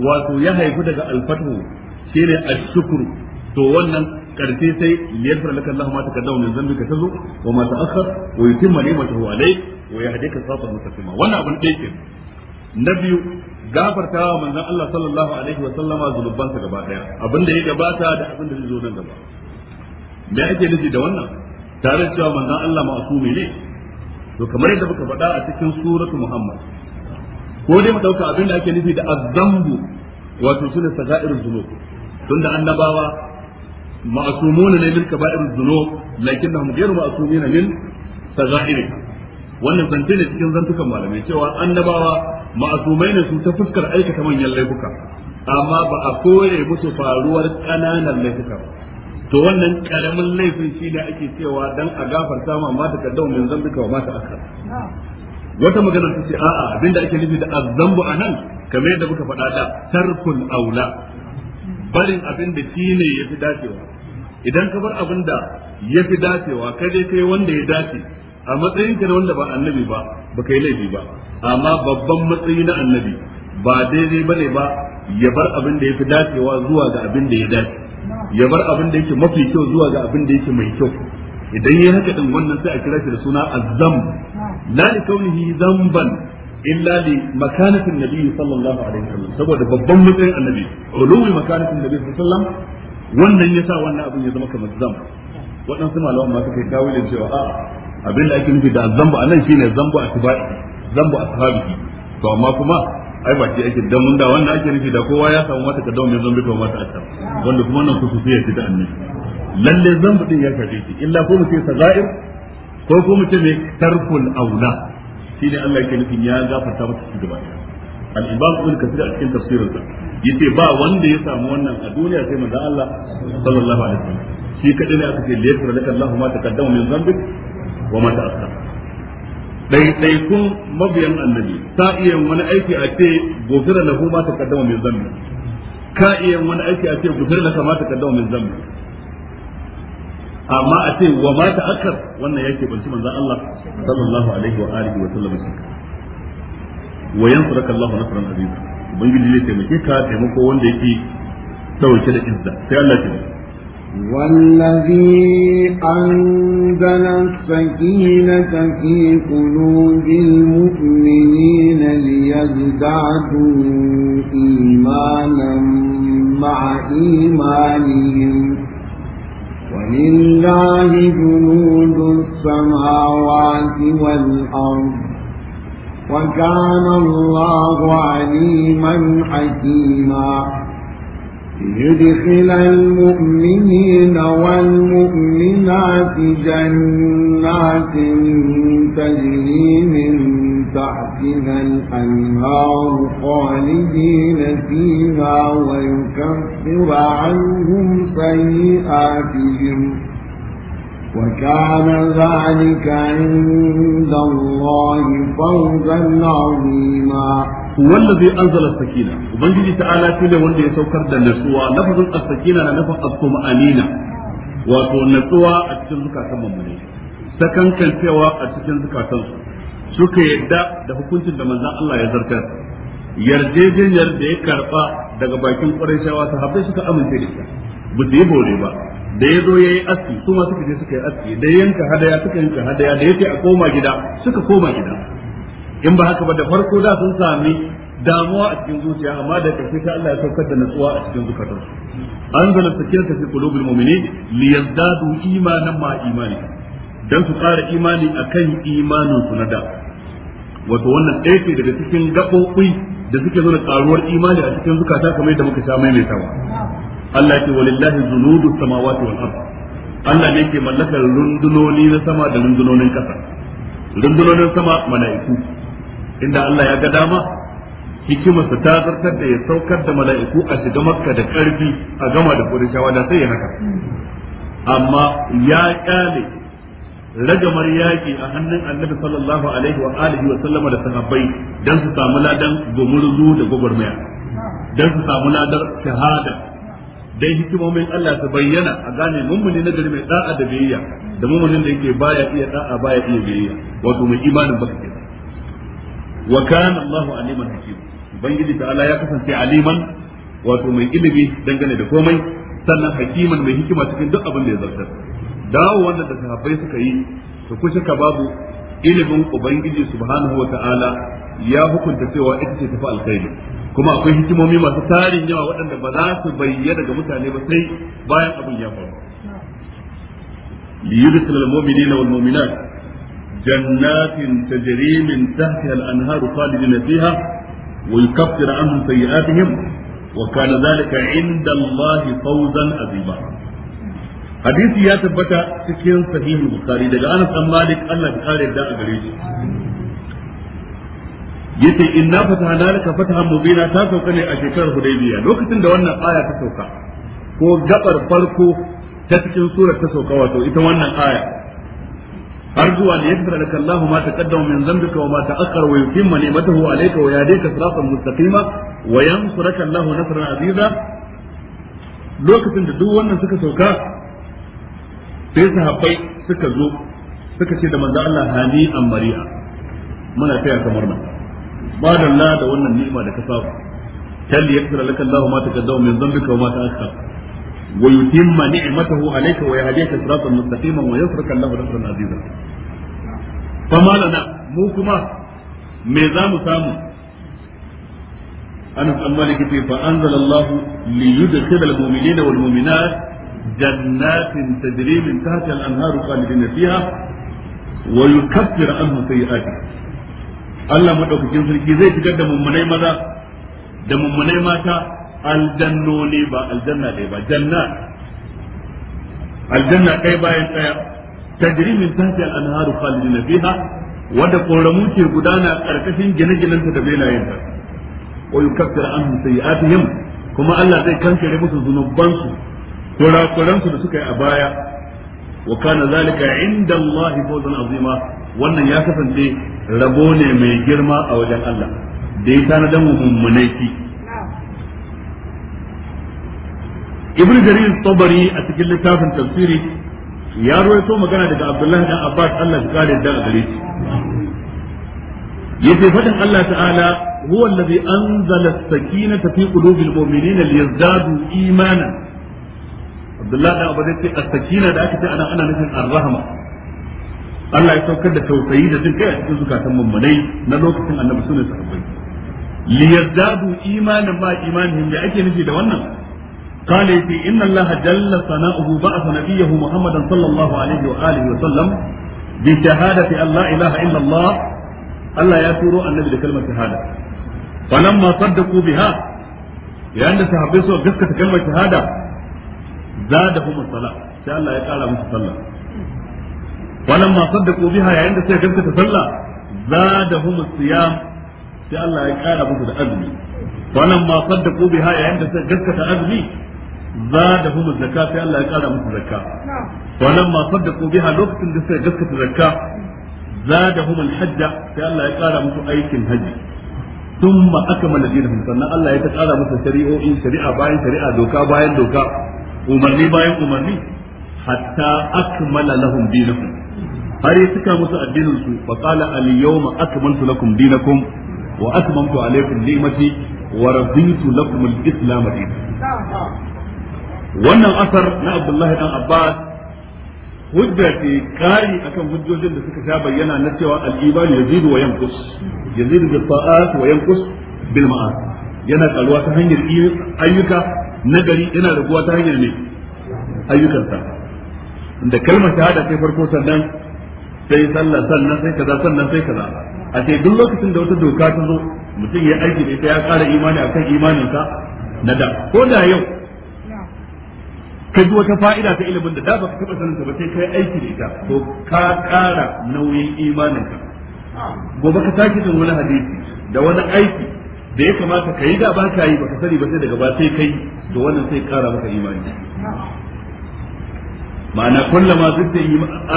Speaker 1: wato ya haifu daga alfatu shine ashkuru to wannan karshe sai liyarfar laka Allah ma takaddamu min ka tazu wa ma ta'akhkhar wa yutimma ni'matahu alayk wa yahdika siratan mustaqima wannan abin da yake na biyu gafarta wa manzon Allah sallallahu alaihi wa sallama zunubansa gaba daya abin da ya gabata da abin da zai zo nan gaba me ake nufi da wannan tare da cewa manzon Allah ma'asumi ne to kamar yadda muka faɗa a cikin suratu muhammad ko dai mu ɗauka abinda ake nufi da azambu wato shine sagair zunub tunda annabawa ma'sumun ne min lakin zunub lakinnahum ghayru ma'sumin min sagair wannan zance ne cikin zantukan malamai cewa annabawa ma'asumai ne su ta fuskar aikata manyan laifuka amma ba a kore musu faruwar ƙananan laifuka ba to wannan karamin laifin shi ne ake cewa dan a gafarta ma mata ka dau min zambika wa mata akra wata magana ta ce a'a abinda ake nufi da azzambu anan kamar yadda muka faɗa da tarkun aula barin abin da shi ne yafi dacewa idan ka bar abin da yafi dacewa kai dai kai wanda ya dace a matsayin ka wanda ba annabi ba baka yi laifi ba amma babban matsayi na annabi ba daidai bane ba ya bar abin da yafi dacewa zuwa ga abin da ya dace ya bar abin da yake mafi kyau zuwa ga abin da yake mai kyau idan yi haka din wannan sai a kira shi da suna azzam la li kaunihi zamban illa li makanatin nabi sallallahu alaihi wasallam saboda babban matsayin annabi ulumi makanatin nabi sallallahu alaihi wasallam wannan yasa wannan abin ya zama kamar zam waɗansu malaman ma suka yi tawilin cewa a abin da ake nufi da zamba anan shine zamba atba'i zamba ashabihi to amma kuma ai ba shi ake dan mun da wanda ake nufi da kowa ya samu mata kaddam mai zambi kuma mata akar wanda kuma nan wannan kususiyar ya ta annabi lalle zambi din ya shafe shi illa ko mu ce sazair ko ko mu ce mai tarkul aula shine Allah yake nufin ya gafarta masa shi gaba al-imam ibn kasir a cikin tafsirinsa yace ba wanda ya samu wannan a duniya sai manzo Allah sallallahu alaihi wasallam shi kadai ne aka ce laifin laka Allah ma taqaddama min zambik wa ma ta'akhkhara ɗaiɗaikun mabiyan annabi ta iya wani aiki a ce gofira na ma ta kaddama mai zambi ka iya wani aiki a ce gofira laka kama ta kaddama mai zambi amma a ce wa ma ta akar wannan yake banci manzon Allah sallallahu alaihi wa alihi wa sallam wa yansuraka Allah nasran aziza ubangiji zai taimake ka taimako wanda yake dauke da izza sai Allah ya taimake
Speaker 2: والذي أنزل السكينة في قلوب المؤمنين ليزدادوا إيمانا مع إيمانهم ولله جنود السماوات والأرض وكان الله عليما حكيما ليدخل المؤمنين والمؤمنات جنات تجري من تحتها الأنهار خالدين فيها ويكفر عنهم سيئاتهم وكان ذلك عند الله فوزا عظيما zai
Speaker 1: anzala sakina ubangiji ta'ala shi ne wanda ya saukar da natsuwa lafazin as-sakina na nafa asu ma'anina wato natsuwa a cikin zukatan mummune sakankancewa a cikin zukatan su suka yadda da hukuncin da manzon Allah ya zartar yarjejeniyar da ya karba daga bakin Qurayshawa habbai suka amince da shi ba su bore ba da ya zo ya yi aski su suka je suka yi aski da yanka hadaya suka yanka hadaya da yake a koma gida suka koma gida in ba haka ba da farko da sun sami damuwa a cikin zuciya amma da karshe sai Allah ya saukar da natsuwa a cikin zukatansu anzala sakinata fi qulubil mu'minin liyazdadu imanan ma imani dan su ƙara imani akan imanin su na da wato wannan ɗaya ce daga cikin gaɓoɓi da suke zo da ƙaruwar imani a cikin zukata kamar yadda muka sha maimaitawa Allah ce walillahi zunudu samawati wal ard Allah ne ke mallakar rundunoni na sama da rundunonin ƙasa rundunonin sama mala'iku inda Allah ya ga dama hikimarsa ta zartar da ya saukar da mala'iku a shiga makka da karfi a gama da kurishawa da sai ya haka amma ya kyale ragamar yaƙi a hannun annabi sallallahu alaihi wa alihi wa sallama da sahabbai dan su samu ladan gumurzu da gwagwarmaya dan su samu ladar shahada dai hikimomin Allah su bayyana a gane mummuni na gari mai da'a da biyayya da mummunin da yake baya iya da'a baya iya biyayya wato mai imanin ke. wa kana Allahu aliman hakim ubangiji ta'ala ya kasance aliman wato mai ilimi dangane da komai sannan hakiman mai hikima cikin duk abin da ya zartar dawo wanda da sahabbai suka yi su kusa ka babu ilimin ubangiji subhanahu wa ta'ala ya hukunta cewa ita ce tafi alkhairi kuma akwai hikimomi masu tarin yawa waɗanda ba za su bayyana daga mutane ba sai bayan abin ya faru liyudkhilul mu'minina wal mu'minat جنات تجري من تحتها الأنهار خالدين فيها ويكفر عنهم سيئاتهم وكان ذلك عند الله فوزا عظيما حديث يا تبتا سكين صحيح البخاري دقا أنس مالك الله بقال يبدأ أقريج yace inna fatahna laka fatahan mubina ta sauka ne a shekarar hudaybiya lokacin da wannan aya ta sauka ko gabar farko ta cikin surar ta sauka wato ita wannan aya أرجو أن يغفر لك الله ما تقدم من ذنبك وما تأخر ويتم نعمته عليك ويهديك صراطا مستقيما وينصرك الله نصرا عزيزا lokacin da duk wannan suka sauka sai sahabbai suka zo suka ce da manzo Allah hani an mari'a muna taya kamar nan ba da da wannan ni'ima da ka saba tal yakthara laka Allah ma taqaddama min dhanbika wa ma ta'akhkhara wa yutimma ni'matahu alayka wa yahdika siratan mustaqiman wa yansuruka Allahu nasran azizan fama lana mu kuma me za mu samu أنا أمالك في فأنزل الله ليدخل المؤمنين والمؤمنات جنات تجري من تحتها الأنهار خالدين فيها ويكفر عنهم سيئاتهم Allah madaukakin sarki zai fitar da mummunai maza da mummunai mata aljannoni ba aljanna ɗaya ba janna. aljanna ɗaya bayan ɗaya tajri min tahti al-anharu khalidina fiha wanda koramu ke gudana ƙarƙashin gine-ginenta da belayenta wa yukaffir anhum sayi'atihim kuma Allah zai kankare musu zunubansu kurakuransu da suka yi a baya wa kana zalika inda Allah fawzan azima wannan ya kasance rabo ne mai girma a wajen Allah da ya tanadan mummunai ibnu jarir Sabari a cikin littafin tafsiri ya ruwaito magana daga abdullahi dan abbas Allah ya kare da gare shi yace faɗin Allah ta'ala huwa allazi anzala as-sakinata fi qulubil mu'minina liyazdadu imanan abdullahi dan abbas yace as-sakina da aka ce ana ana nufin ar-rahma Allah ya saukar da tausayi da jin kai a cikin zukatan mummunai na lokacin annabi sunan sahabbai liyazdadu imanan ma ake nufi da wannan قال يتي إن الله جل ثناؤه بعث نبيه محمدا صلى الله عليه وآله وسلم بشهادة أن لا إله إلا الله ألا يسير النبي لكلمة شهادة فلما صدقوا بها لأن تحبسوا قصة كلمة شهادة زادهم الصلاة شاء الله يقال متصلى فلما صدقوا بها يعني قصة تصلى زادهم الصيام شاء الله يقال متصلى فلما صدقوا بها يعني قصة أزمي Za zadahum zakka sai Allah ya kara musu zakka wannan ma saddaqu biha lokacin da suka gaskata zakka za zadahum hajja, sai Allah ya kara musu aikin haji thumma akmala dinahum sannan Allah ya ta kara musu shari'o'in shari'a bayan shari'a doka bayan doka umarni bayan umarni hatta akmala lahum dinahum har ya cika musu addinin su fa qala al yawma akmaltu lakum dinakum wa atmamtu alaykum ni'mati wa raditu lakum al-islam dinan wannan asar na abdullahi dan abbas hujja ce kari akan hujjojin da suka sha bayyana na cewa al-iman yazidu wa yanqus yazidu bil ta'at wa yanqus bil ma'at yana karuwa ta hanyar ayyuka nagari yana raguwa ta hanyar ne ayyukan sa da kalmar shahada sai farko sannan sai sallah sannan sai kaza sannan sai kaza a ce duk lokacin da wata doka ta zo mutum ya aiki da ita ya kara imani akan imaninsa na da ko da yau ka ji wata fa'ida ta ilimin da da ba ka taɓa sanin ta ba sai kai aiki da ita to ka ƙara nauyin imaninka. ka gobe ka sake jin wani hadisi da wani aiki da ya kamata ka yi da ba ka yi ba ka sani ba sai daga ba sai kai da wannan sai ƙara maka imani
Speaker 2: ma'ana kullama
Speaker 1: zata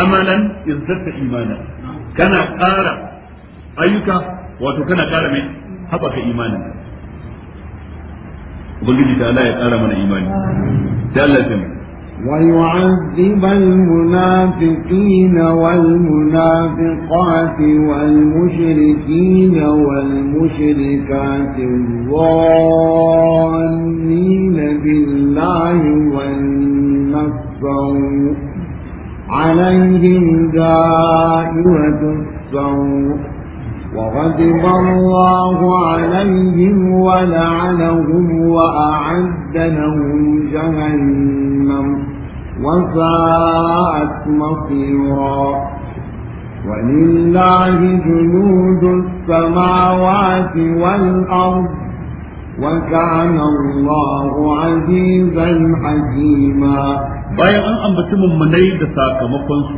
Speaker 1: amalan izzata imana kana ƙara ayyuka wato kana ƙara mai haɓaka imanin ubangiji ta Allah ya tsara mana imani da Allah ya
Speaker 2: ويعذب المنافقين والمنافقات والمشركين والمشركات الظانين بالله والنصر عليهم دائرة الصوت وغضب الله عليهم ولعنهم وأعد لهم جهنم وساءت مصيرا ولله جنود السماوات والأرض وكان الله عزيزا حكيما bayan an ambaci mummunai da sakamakonsu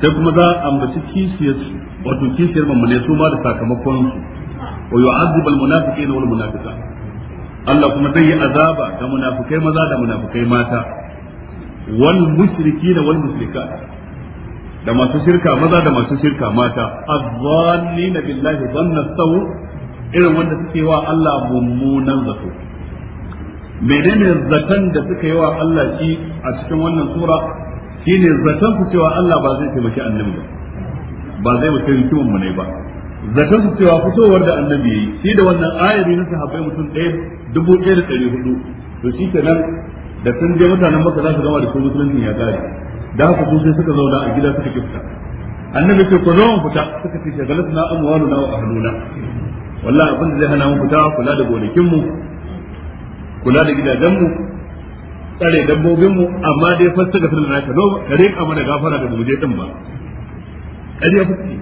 Speaker 2: sai kuma za a ambaci
Speaker 1: kishiyar su wato kishiyar mamune su ma da sakamakon su wa yu'azzibul munafiqina wal munafiqat Allah kuma zai yi azaba ga munafikai maza da munafikai mata wal mushrikina wal mushrikat da masu shirka maza da masu shirka mata azzannina billahi dhanna sawu irin wanda suke wa Allah mummunan zato menene zaton da suka yi wa Allah shi a cikin wannan sura shine zaton ku cewa Allah ba zai taimaki annabi ba ba zai mu taimaki mu ne ba zaton ku cewa fitowar da annabi yayi shi da wannan ayari na sahabbai mutum ɗaya dubu ɗaya da ɗari hudu to shi kenan da sun je mutanen maka za su gama da su musulunci ya gari. da haka su sai suka zauna a gida suka kifta annabi ce ku zo mu fita suka ce shagalatna amwaluna wa ahluna wallahi abin da zai hana mu fita kula da gonakin mu kula da gidajen mu tsare dabbobin mu amma dai fasta ga sunan naka don ka rika mana gafara da buje din ba ƙarya fuski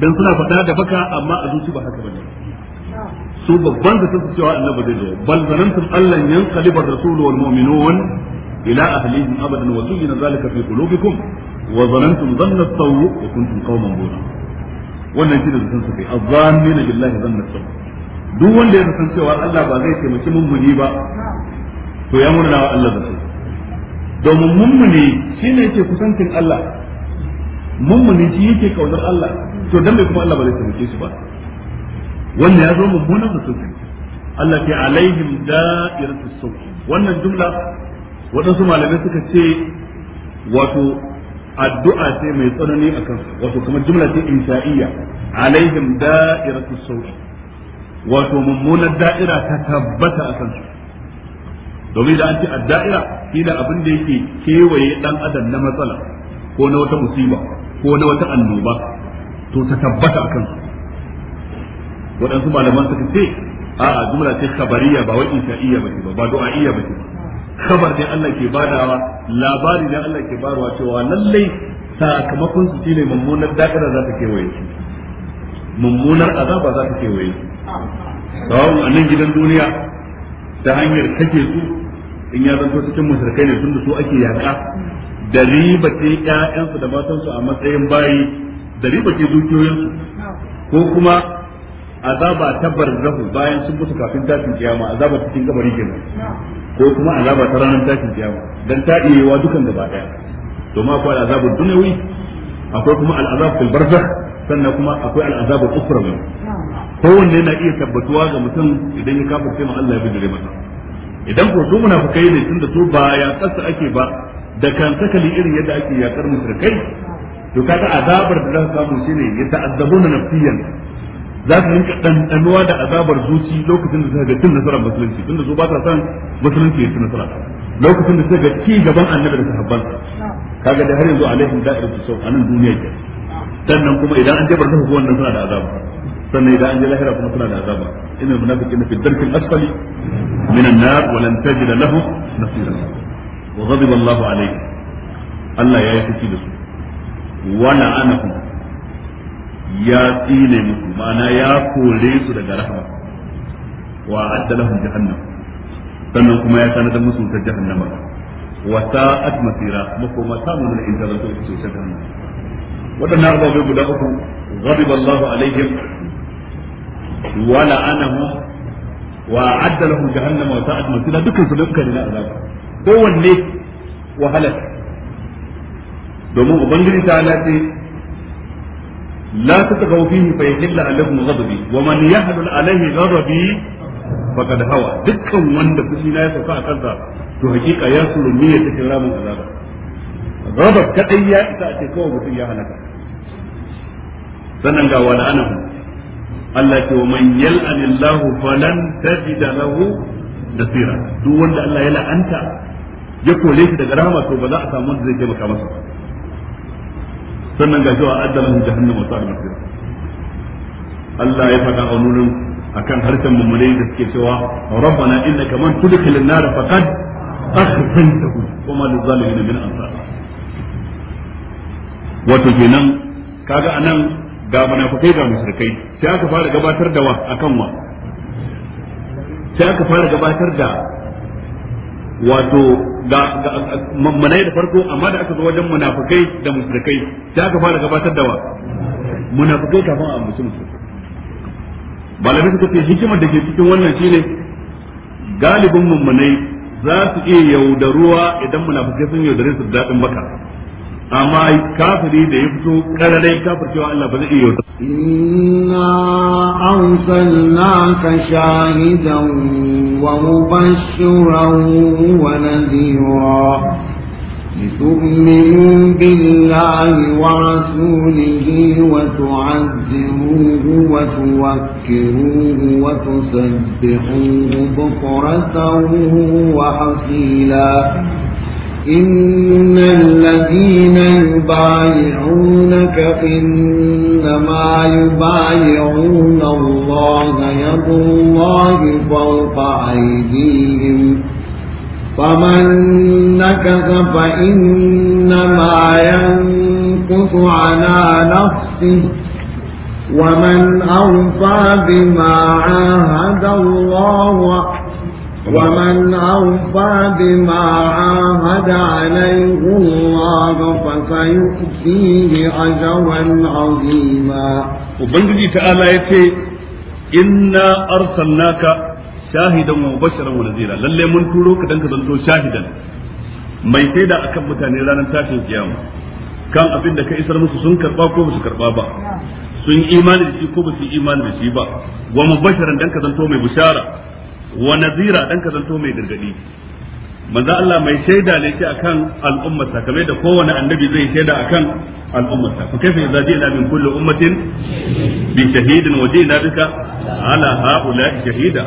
Speaker 1: dan suna faɗa da baka amma a zuci ba haka bane su babban da sun cewa annabi zai zo bal zanantum allan yanqalibar rasul wal mu'minun ila ahlihim abadan wa zuyina zalika fi qulubikum wa zanantum dhanna sawu wa kuntum qauman bura wannan shi da sun sai azzannina billahi dhanna sawu duk wanda ya san cewa Allah ba zai taimaki mummuni ba to ya murna wa Allah da zato domin mummuni shi ne yake kusancin Allah mummuni shi yake kaunar Allah to dan mai kuma Allah ba zai taimake shi ba wannan ya zo mummunan mutum Allah ke alaihim da'iratu sawt wannan jumla waɗansu malamai suka ce wato addu'a ce mai tsanani a kansu wato kamar jumla ce insha'iyya alaihim da'iratu sawt wato mummunar da'ira ta tabbata a kansu domin da an ce adda'ira shi da abin da yake kewaye dan adam na matsala ko na wata musiba ko na wata annoba to ta tabbata akan su waɗansu malaman suka ce a'a jumla ce khabariya ba wai insha'iyya ba ce ba ba du'a'iyya ba ce ba khabar ne Allah ke badawa labari ne Allah ke barwa cewa lallai sakamakon su shine mummunar da'ira za ta kewaye shi mummunar azaba za ta kewaye
Speaker 3: shi
Speaker 1: a nan gidan duniya ta hanyar kake su in ya zanto cikin musulkai ne tun da su ake yaƙa. da riba ce ƴaƴansu da matansu a matsayin bayi da riba ce dukiyoyinsu ko kuma azaba ta barzahu bayan sun mutu kafin tashin kiyama azaba cikin kabari kenan ko kuma azaba ta ranar tashin kiyama dan ta iyewa dukan gaba daya to ma akwai azabul dunyawi akwai kuma al'azab fil barzakh sannan kuma akwai al'azab al-ukhrawi kowanne na iya tabbatuwa ga mutum idan ya kafirce ma Allah ya bijire masa idan ko su munafikai ne tunda su ba ya kasa ake ba da kan sakali irin yadda ake yakar mushrikai to kaga azabar da za su samu shine ya ta'azzabuna nafsiyan za su rinka ɗanɗanuwa da azabar zuci lokacin da suka ga cin nasarar musulunci tunda su ba sa son musulunci ya ci nasara lokacin da suka ga ci gaban annabi da sahabbansa kaga da har yanzu alaihim da'iratu sau a nan duniya ke sannan kuma idan an jabar ta hukumar nan suna da azabar. sannan idan an je lahira kuma suna da azaba inna munafiqina fi dharkil asfali min an-nar wa lan tajida lahu nasira wa ghadiba Allahu alayhi Allah ya yi fushi da su wa la'anahum ya tsine musu ma'ana ya kore su daga rahama wa adda lahum jahannam sannan kuma ya sanar da musu ta jahannama wa sa'at masira makoma samun da inda zan so su jahannama wadannan ababai guda uku ghadiba Allahu alaihim wala anahum wa a'adda lahum jahannama wa sa'at masira dukkan su dukkan ne na azaba kowanne wahala لا تتقوا فيه فيحل عليكم غضبي ومن يحلل عليه غضبي فقد هوى دكان wanda kushi na ya sauka a kansa to hakika ya suru ne ta cikin ramin azaba ghadab kadai ya isa a ce kawai mutum ya Allah ce wa man yal'anillahu falan tajida lahu nasira duk wanda Allah ya la'anta ya kore shi daga rahama to ba za a samu wanda zai taimaka masa sannan ga cewa addalahu jahannama sa'ar masira Allah ya faɗa a nurin akan harshen mummunai da suke cewa rabbana innaka man tudkhilin nar faqad akhzaytahu wa ma lizalimin min ansar wato kenan kaga anan ga manafakai ga musulkai sai aka fara gabatar da wa akan wa sai aka fara gabatar da wato ga mummunai da farko amma da aka zo wajen manafakai da musulkai sai aka fara gabatar da wa Manafakai kafin a musu mushrikai malamai suka ce hikimar da ke cikin wannan shine galibin mummunai za su iya yaudaruwa idan manafakai sun yaudare su daɗin baka. amma kafiri da ya fito kararai cewa Allah ba zai iya yauta
Speaker 2: inna arsalnaka shahidan wa mubashiran wa nadhira لتؤمنوا بالله ورسوله وتعزروه وتوكروه وتسبحوه بكرة وحصيلا إن الذين يبايعونك إنما يبايعون الله يد الله فوق أيديهم فمن نكث فإنما ينكث على نفسه ومن أوفى بما عاهد الله ومن أوفى بما عاهد عليه الله فسيؤتيه أجرا عظيما وبنجي تعالى يتي إنا
Speaker 1: أرسلناك شاهدا ومبشرا ونذيرا للي من تروك دنك زنتو شاهدا ما sai da akan تاشي القيامة. kan abin da ka isar musu sun karba ko ba su karba ba sun imani da shi ko ba su imani da shi ba wa mubasharan dan ka zanto mai bushara wa nazira dan ka zanto mai gargadi manzo Allah mai shaida ne shi akan al'ummarsa kamar da kowane annabi zai shaida akan al'ummarsa fa kaifa idza ji'na min kulli ummatin bi shahidin wa ji'na bika ala haula shahida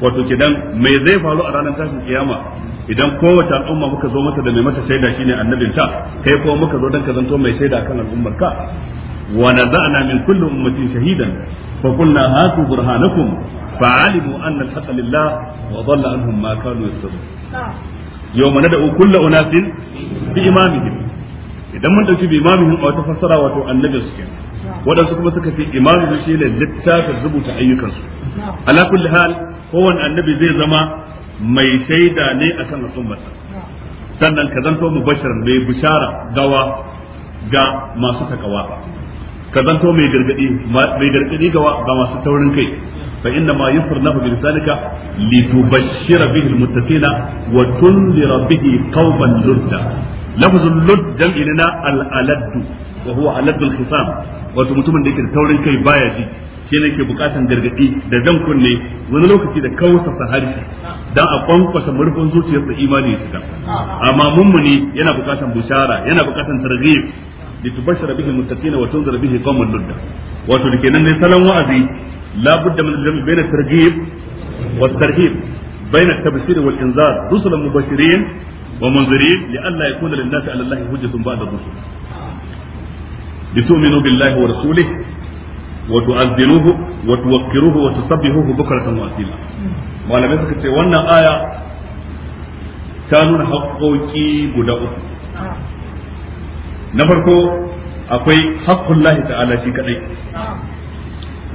Speaker 1: wato kidan me zai faru a ranar tashin kiyama idan kowace al'umma muka zo mata da mai mata shaida shine annabin ta kai ko muka zo dan ka zanto mai shaida akan al'ummarka wa nazana min kulli ummatin shahidan فقلنا هاتوا برهانكم فعلموا أن الحق لله وضل عنهم ما كانوا يفترون يوم ندعو كل أناس بإمامهم idan mun dauki bi imamihim a wata fassara wato annabi su kenan wadansu kuma suka ce imamu shi ne littafin rubuta ayyukansu ala kulli hal kowanne annabi zai zama mai shaida ne akan al'ummarsa sannan ka zanto mubashir mai bishara gawa ga masu takawa ka zanto mai gargadi mai gargadi ga masu taurin kai fa inna ma yusrnahu bi lisanika litubashshira bihi almuttaqina wa tunzira bihi qauman ludda lafzul ludd jam'i al-aladd wa huwa aladd al-khisam wato mutumin da yake da taurin kai baya ji shi ne ke bukatan gargadi da zan kunne wani lokaci da kawusa sa harshe dan a kwankwasa murfin zuciyar da imani ya shiga amma mummuni yana bukatan bushara yana bukatan targhib litubashshira bihi almuttaqina wa tunzira bihi qauman ludda wato dake nan ne salon wa'azi la budda min al-jam' bayna targhib wa at-tarhib bayna at-tabshir wal inzar rusulan mubashirin wa munzirin li alla yakuna lin-nasi 'ala allahi hujjatun ba'da ar-rusul litu'minu billahi wa rasulihi وتعذروه وتوقروه وتسبحوه بكرة وأصيلا malamai suka ce wannan aya ta nuna haƙoƙi guda uku na farko akwai haqqul lahi ta'ala shi kadai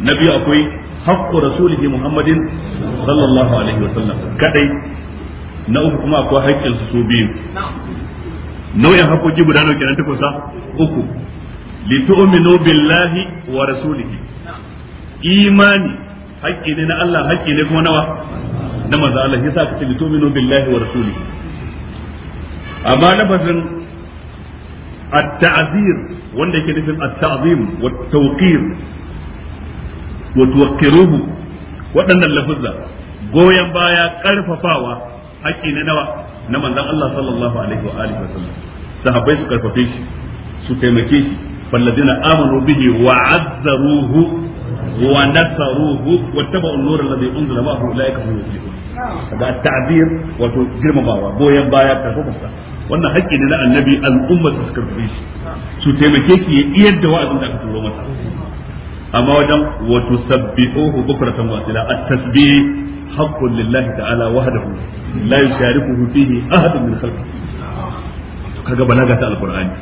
Speaker 1: na biyu akwai haqqu rasulihi muhammadin sallallahu alaihi wa sallam kadai na uku kuma akwai haƙƙin su biyu nau'in haƙoƙi guda nawa kenan ta kusa uku litu'minu billahi wa rasulihi imani haƙƙi ne na Allah haƙƙi ne kuma nawa na manzo Allah yasa ka ce litu'minu billahi wa rasulihi amma lafazin at-ta'zir wanda yake nufin at-ta'zim wa tawqir wa tuwaqqiruhu waɗannan lafuzza goyen baya karfafawa haƙi na nawa na manzon Allah sallallahu alaihi wa su karfafe shi su taimake shi falladina amanu bihi wa kaga ta'bir wato girmamawa goyen baya ta hukunta wannan haƙƙi ne na annabi al'umma su suka rufe shi su taimake ki ya iyar da wa'azin da aka turo masa amma wajen wato sabbihuhu bukratan wasila at-tasbih haqqun lillahi ta'ala wahdahu la yusharikuhu fihi ahadun min
Speaker 3: khalqihi
Speaker 1: kaga balaga ta alqur'ani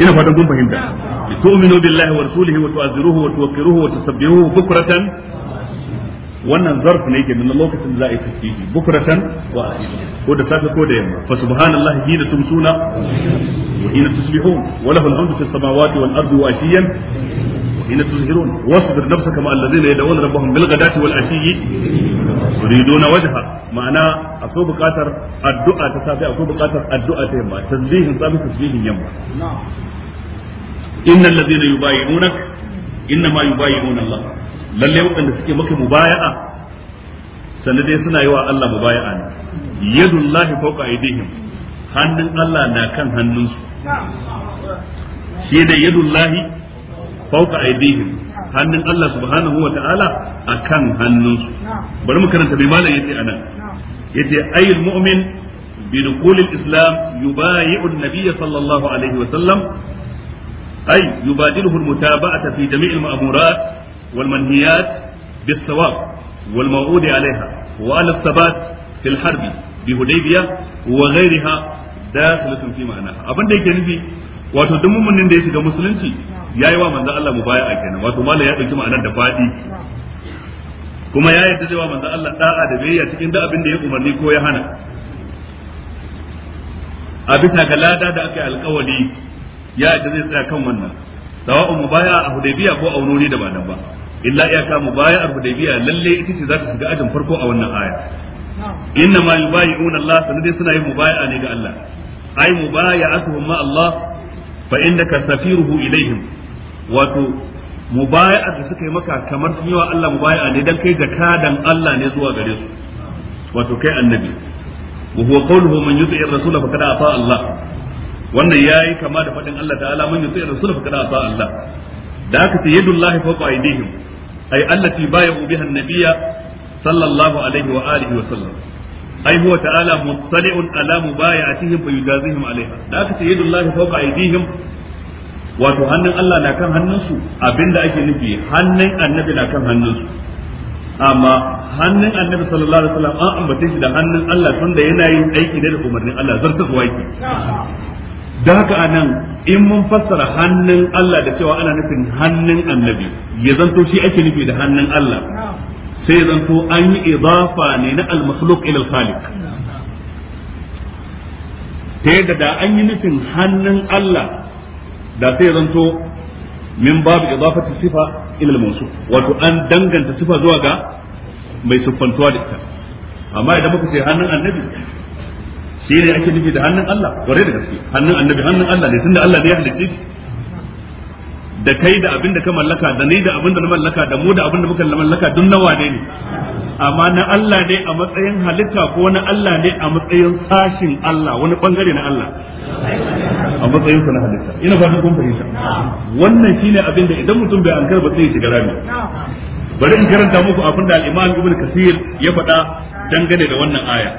Speaker 1: ina fatan kun fahimta tu'minu billahi wa rasulihi wa tu'azziruhu wa tuwaqqiruhu wa tusabbihuhu bukratan wannan zarf ne ke nuna lokacin da za a yi tasbihi bukratan wa ko da safe ko da yamma fa subhanallahi hina tumsuna wa hina tusbihun wa lahu al-hamdu fis samawati wal ardi wa ashiyan wa hina tuzhirun wasbir nafsaka ma alladhina yad'una rabbahum bil ghadati wal ashiyi yuriduna wajha ma'ana akwai buƙatar addu'a ta safe akwai buƙatar addu'a ta yamma tasbihin safe tasbihin yamma innal ladhina yubayyi'unaka innama yubayyi'una Allah lalle waɗanda suke maka mubaya'a sannan dai suna yi wa Allah mubaya'a ne yadullahi fauka aydihim hannun Allah na kan hannunsu shi ne yadullahi fauka aydihim hannun Allah subhanahu wa ta'ala akan hannunsu bari mu karanta mai malam yace anan yace ayyul mu'min bi dukhul al-islam yubayi'u an-nabiy sallallahu alaihi wa sallam ay yubadiluhu al-mutaba'ata fi jami' al-ma'murat والمنهيات بالثواب والموعود عليها وعلى الثبات في الحرب بهديبية وغيرها داخلة في معناها أبن ديك نبي wato duk mu'minin da ya shiga musulunci yayi wa manzon Allah mubaya'a kenan wato mala ya dauki ma'anar da fadi kuma ya yarda cewa manzon Allah da'a da biyayya cikin duk abin ya umarni ko ya hana a bisa ga lada da aka yi alkawari ya zai tsaya kan wannan sawa'un mubaya a hudaybiya ko a wani da ba nan ba illa iyaka mubaya a hudaybiya lalle ita ce zata shiga ajin farko a wannan aya inna ma yubayi'una Allah sanadai suna yin mubaya'a ne ga Allah ai mubaya'atuhum ma Allah fa innaka safiruhu ilaihim wato mubaya'a da suka yi maka kamar sun yi wa Allah mubaya'a ne dan kai zakadan Allah gare su wato kai annabi wa huwa qawluhu man yuti'i ar-rasul faqad ata Allah wannan yayi kama da faɗin Allah ta'ala man yusi rasul fa kada sa Allah da aka ce yadullahi fawqa aydihim ay allati bayu biha an-nabiyya sallallahu alaihi wa alihi wa sallam ay huwa ta'ala muttali'un ala mubayatihim fa yujazihim alaiha da aka ce yadullahi fawqa aydihim wato hannun Allah na kan hannunsu abinda ake nufi hannun annabi na kan hannunsu amma hannun annabi sallallahu alaihi wasallam an ambace shi da hannun Allah tunda yana yin aiki da umarnin Allah zartaswa yake da haka anan in mun fassara hannun Allah da cewa ana nufin hannun annabi ya zanto shi ake nufi da hannun Allah sai zanto an yi idafa ne na al-makhluq ila al-khaliq ta yadda da an yi nufin hannun Allah da sai zanto min babu idafati sifa ila al-mawsuf wato an danganta sifa zuwa ga mai siffantuwa da ita amma idan muka ce hannun annabi shi ne ake nufi da hannun Allah kware da gaske hannun annabi hannun Allah ne tunda Allah ne ya halicce shi da kai da abin da ka mallaka da ni da abin da na mallaka da mu da abin da muka mallaka duk na wane ne amma na Allah ne a matsayin halitta ko na Allah ne a matsayin sashin Allah wani bangare na Allah a matsayin sa na halitta ina ba kun fahimta wannan shine abin da idan mutum bai ankar ba sai ya shiga rami
Speaker 3: bari in karanta muku
Speaker 1: abin da al-Imam Ibn Kathir ya faɗa dangane da wannan aya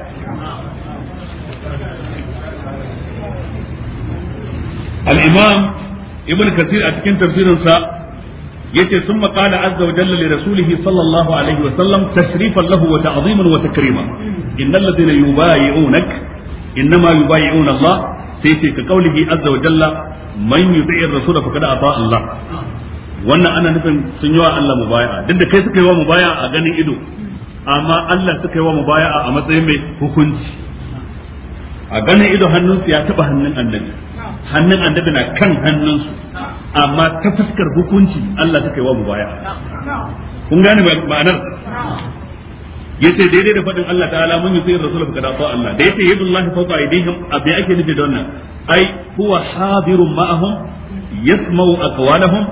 Speaker 1: al-imam ibn kasir a cikin tafsirinsa yace sun qala azza wa jalla li rasulihi sallallahu alaihi wa sallam tashrifan lahu wa ta'ziman wa takrima innal ladina yubayi'unak innama yubayi'una Allah sai ce ka kaulihi azza wa jalla man yuti'i ar-rasul faqad ata Allah wannan ana nufin sun yi wa Allah mubaya'a duk da kai suka yi wa mubaya'a a ganin ido amma Allah suka yi wa a matsayin mai hukunci a ganin ido hannunsu ya taɓa hannun annabi hannun annabi na kan hannunsu amma ta fuskar hukunci Allah ta kai wa mubaya kun gane ma'anar yace daidai da fadin Allah ta'ala mun yi sayyid rasul fa Allah da yace yadullahi fawqa aydihim abi ake nufi da wannan ai huwa hadirun ma'ahum yasma'u aqwalahum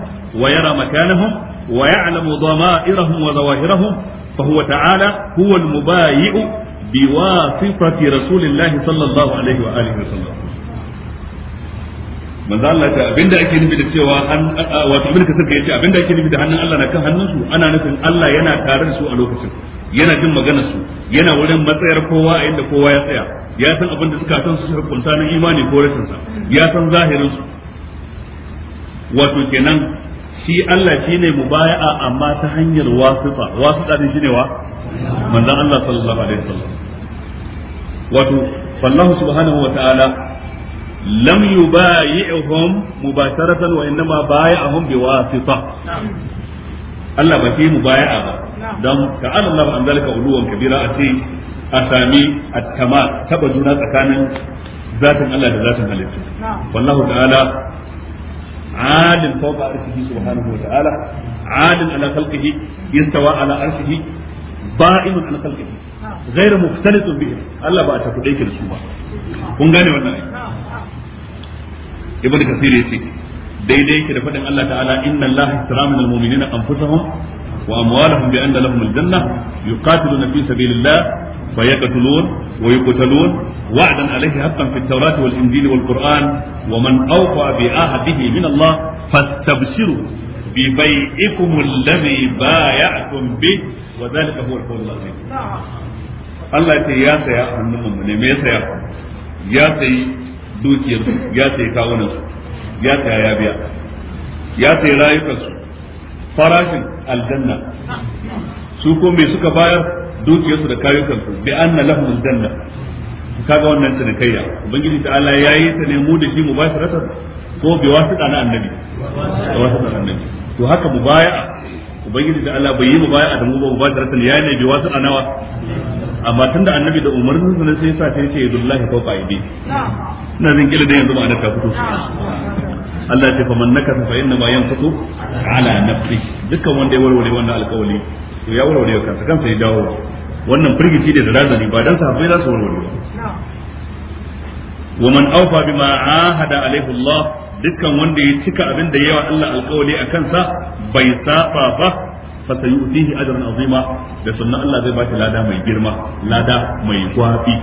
Speaker 1: wa yara makanahum wa ya'lamu dhama'irahum wa zawahirahum fa huwa ta'ala huwa al-mubayi'u biwasifati rasulillahi sallallahu alaihi wa alihi wa sallam manzo Allah ta abinda ake nufi da cewa wato ibn kasir yace abinda ake nufi da hannun Allah na kan hannunsu ana nufin Allah yana tare da su a lokacin yana jin maganar su yana wurin matsayar kowa a inda kowa ya tsaya ya san abin da suka san su kunta na imani ko rashin sa ya san zahirin su wato kenan shi Allah shine mubaya'a amma ta hanyar wasifa wasifa din shine wa manzo Allah sallallahu alaihi wasallam wato fallahu subhanahu wa ta'ala lam yubayi'uhum mubasharatan wa innama baya'ahum biwasita Allah ba ke mubaya'a ba don ta'ala Allah an zalika uluwan kabira a ce a sami attama taba juna tsakanin zatin Allah da zatin halittu wallahu ta'ala فوق عرشه سبحانه وتعالى عال على خلقه يستوى على عرشه بائن على خلقه غير مختلط بهم الله بقى ديك السوبة kun gane wannan ibn kasir yace daidai yake da fadin Allah ta'ala inna Allah ishtara min muminina anfusahum wa amwalahum bi anna lahum al-janna yuqatiluna fi sabilillah فيقتلون ويقتلون وعدا عليه حقا في التوراة والإنجيل والقرآن ومن أوفى بعهده من الله فاستبشروا ببيعكم الذي بايعتم به ya saya hannun mu ne me saya ya sayi dukiyar ya sayi kawunan su ya saya ya biya ya sayi rayukan su farashin aljanna su ko me suka bayar dukiyar su da kayukan su bi anna lahum aljanna kaga wannan cinikayya ubangiji ta Allah yayi ta ne mu da shi mu ba shi ko bi wasu na annabi da wasu na annabi to haka mu baya ubangiji da Allah bai yi mu baya da mu ba mu ba shi rasar yayi ne bi wasu nawa amma tun da annabi da umarnin sa sai sa ta yace yadullahi fawqa aidi ina zan kila da yanzu ma'ana ta fito Allah ya faman naka fa inna ma yanfutu ala nafsi dukkan wanda ya warware wannan alƙawali to ya warware kansa kansa ya dawo wannan firgici da razani ba dan sahabbai za su warware wa man awfa bima ahada alaihi Allah dukkan wanda ya cika abin da yawa Allah alƙawali a kansa bai saba ba fa sayu'tihi ajran azima da sunna Allah zai baki lada mai girma lada mai gwabi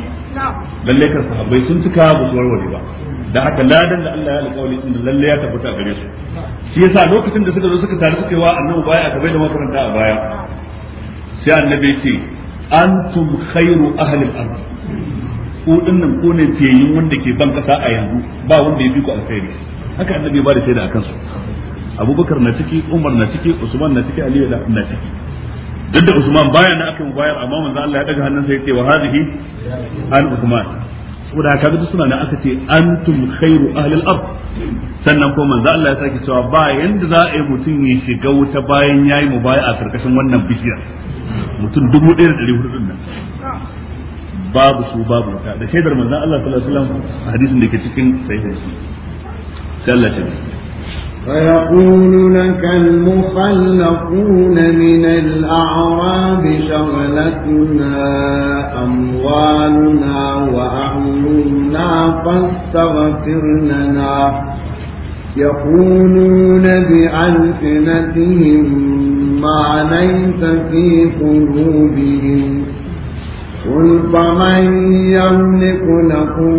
Speaker 1: lalle kan sahabbai sun cika ba su warware ba da haka ladan da Allah ya alƙawari din lalle ya tabbata gare su shi yasa lokacin da suka zo suka tare suka yi wa annabi baya kamar da makaranta a baya sai annabi ya ce an khairu ahli al-ard ku dinnan ku ne wanda ke ban kasa a yanzu ba wanda ya fi ku alkhairi haka annabi ba da shaida akan su abubakar na ciki umar na ciki usman na ciki aliyu na ciki duk da usman baya na akan bayar amma manzo Allah ya daga hannunsa yace wa hadhihi an usman saboda haka duk suna nan aka ce antum khairu ahli al-ard sannan ko manzo Allah ya sake cewa ba yanda za a yi mutum ya shiga wuta bayan yayi a karkashin wannan bishiya mutum dubu ɗaya da ɗari hudu nan babu su babu wuta da shaidar manzon Allah sallallahu alaihi wasallam hadisin da ke cikin sahih sai Allah shi
Speaker 2: فيقول لك المخلقون من الأعراب شغلتنا أموالنا وأهلنا فاستغفر لنا يقولون بألسنتهم ما ليس في قلوبهم قل فمن يملك لكم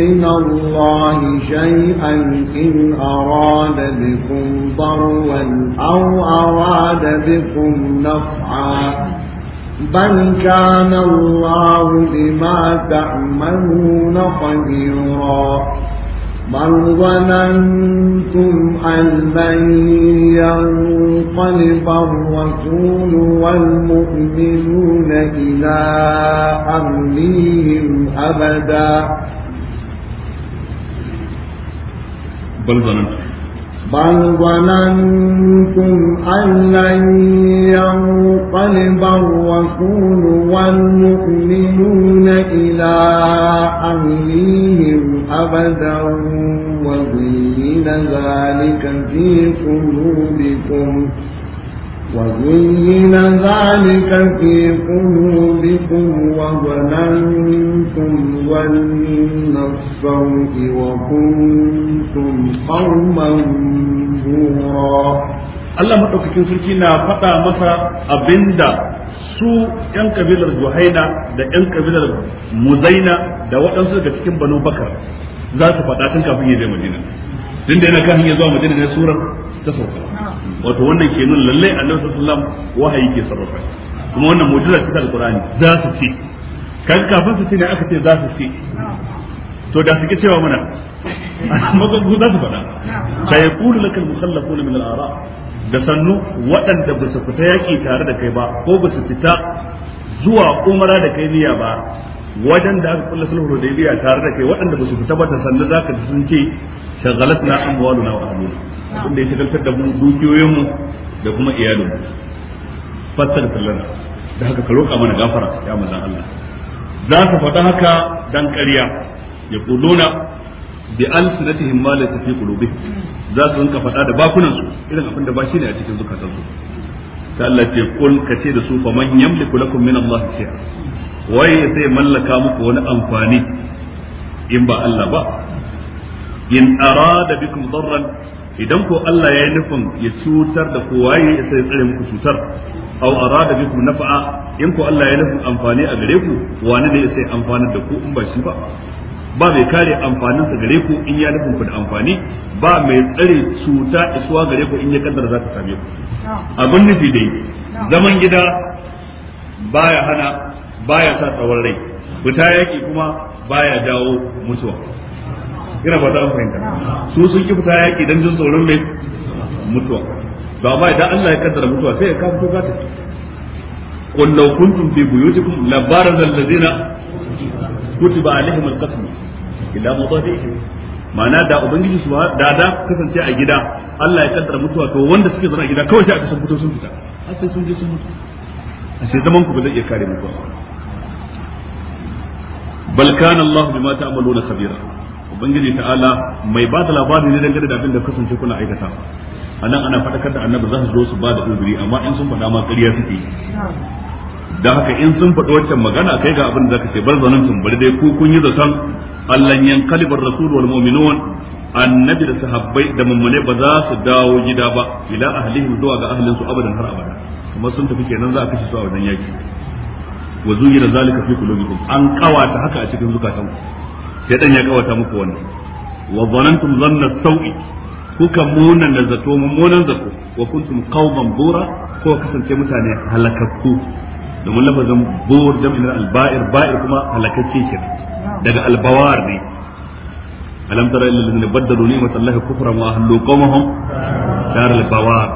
Speaker 2: من الله شيئا إن أراد بكم ضرا أو أراد بكم نفعا بل كان الله بما تعملون خبيرا بل ظننتم أن من ينقلب الرسول والمؤمنون إلى أهليهم أبدا
Speaker 1: بل ظننتم
Speaker 2: بل ظننتم أن لن ينقلب الرسول والمؤمنون إلى أهليهم أبدا وزين ذلك في قلوبكم وزين ذلك في قلوبكم وظننتم ظن الصوت وكنتم قوما بورا Allah maɗaukakin sarki na faɗa masa abinda
Speaker 1: su ‘yan kabilar Juhaina da ‘yan kabilar Muzaina da waɗansu daga cikin Banu Bakar za su faɗa tun kafin ya je Madina. Tun da yana kafin ya zuwa Madina ne surar ta sauka. Wato wannan ke nuna lallai Allah sallallahu wahayi ke sarrafa. Kuma wannan mu'jiza da Alƙur'ani za su ce kan kafin su ne aka ce za su ce to da suke cewa mana magagu za su faɗa sai qulu lakal mukhallafuna min al-ara da sannu waɗanda ba su fita yaƙi tare da kai ba ko ba su fita zuwa umara da kai niyya ba wajen da aka kulla sulhu hudaybiya tare da kai waɗanda ba su fita ba ta sannu za ka sun ce shagalatna amwaluna wa ahluna inda ya shagaltar da mu dukiyoyin mu da kuma iyalinmu fassara sallana da haka ka roƙa mana gafara ya mazan Allah za su faɗa haka dan ƙarya ya kuluna bi alsinatihim ma laysa fi qulubihim za su rinka faɗa da bakunan su irin abin da ba shi ne a cikin zukatan su ta Allah ce kul ka ce da su fa man yamliku lakum min Allah shay'a waye zai mallaka muku wani amfani in ba Allah ba in arada bikum darran idan ko Allah ya yi nufin ya cutar da waye ya sai tsare muku cutar aw arada bikum naf'a in ku Allah ya nufin amfani a gare ku wani ne sai amfani da ku in ba shi ba ba mai kare amfanin sa gare ku in ya nufin ku da amfani ba mai tsare cuta isuwa gare ku in ya kaddara za ta same ku abin nufi dai zaman gida baya hana baya sa tsawon rai fita yaki kuma baya dawo mutuwa ina ba ta fahimta su sun ki fita yaki dan jin tsoron mai mutuwa to amma idan Allah ya kaddara mutuwa sai ya ka fito ka tafi qul law kuntum fi buyutikum labaraza alladhina kutiba alaihim alqatl ila mudadihim ma'ana da ubangiji su da da kasance a gida Allah ya kaddara mutuwa to wanda suke zama a gida kawai sai aka san fito sun fita har sai sun je sun mutu a sai zaman ku ba zai iya kare mutuwa bal kana Allah bima ta'maluna khabira ubangiji ta'ala mai ba da labari ne dangane da abin da kasance kuna aikata anan ana fadakar da annabi za su zo su ba da uzuri amma in sun faɗa ma ƙarya suke da haka in sun faɗi waccan magana kai ga abin da zaka ce bar tun bari dai ku kun yi zaton allan kalibar rasul wal mu'minun annabi da sahabbai da mummune ba za su dawo gida ba ila ahlihim zuwa ga ahlin su abadan har abada kuma sun tafi kenan za a kashe su a wajen yaki wa zuyira zalika fi kulubikum an kawata haka a cikin zukatanku sai dan ya kawata muku wannan wa zanantum zanna sawi kuka munan da zato mummunan zato wa kuntum qauman bura ko kasance mutane halakakku domin lafazin bur jam'in al-ba'ir ba'ir kuma halakacce ke daga al-bawar ne alam tara illa alladhina baddalu ni'mat allahi kufran wa ahlu qawmahum dar al-bawar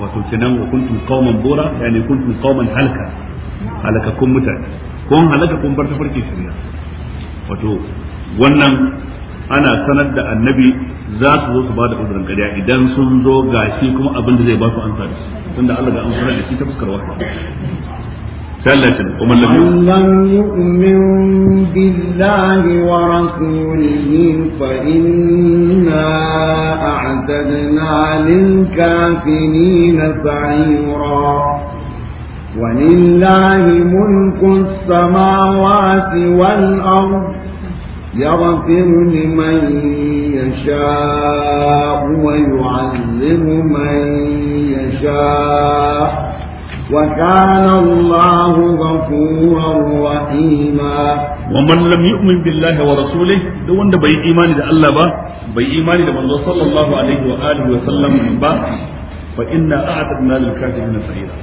Speaker 1: wa tusinan wa kuntum qauman bura yani kuntum qauman halaka halakakkun mutane kun halaka kun bar tafarki shirya wato wannan ana sanar da annabi za su zo su ba da uzurin idan sun zo gashi kuma abin da zai ba su an da shi tunda Allah ga an sanar da shi ta fuskar wahayi ثلاثة ومن
Speaker 2: لم يؤمن بالله ورسوله فإنا أعتدنا للكافرين سعيرا ولله ملك السماوات والأرض يغفر لمن يشاء ويعذب من يشاء وكان الله غفورا رحيما ومن لم يؤمن بالله ورسوله
Speaker 1: دو wanda bai imani da Allah ba bai imani da manzo sallallahu alaihi wa alihi wa sallam ba fa inna a'tadna lil kafirin sa'ira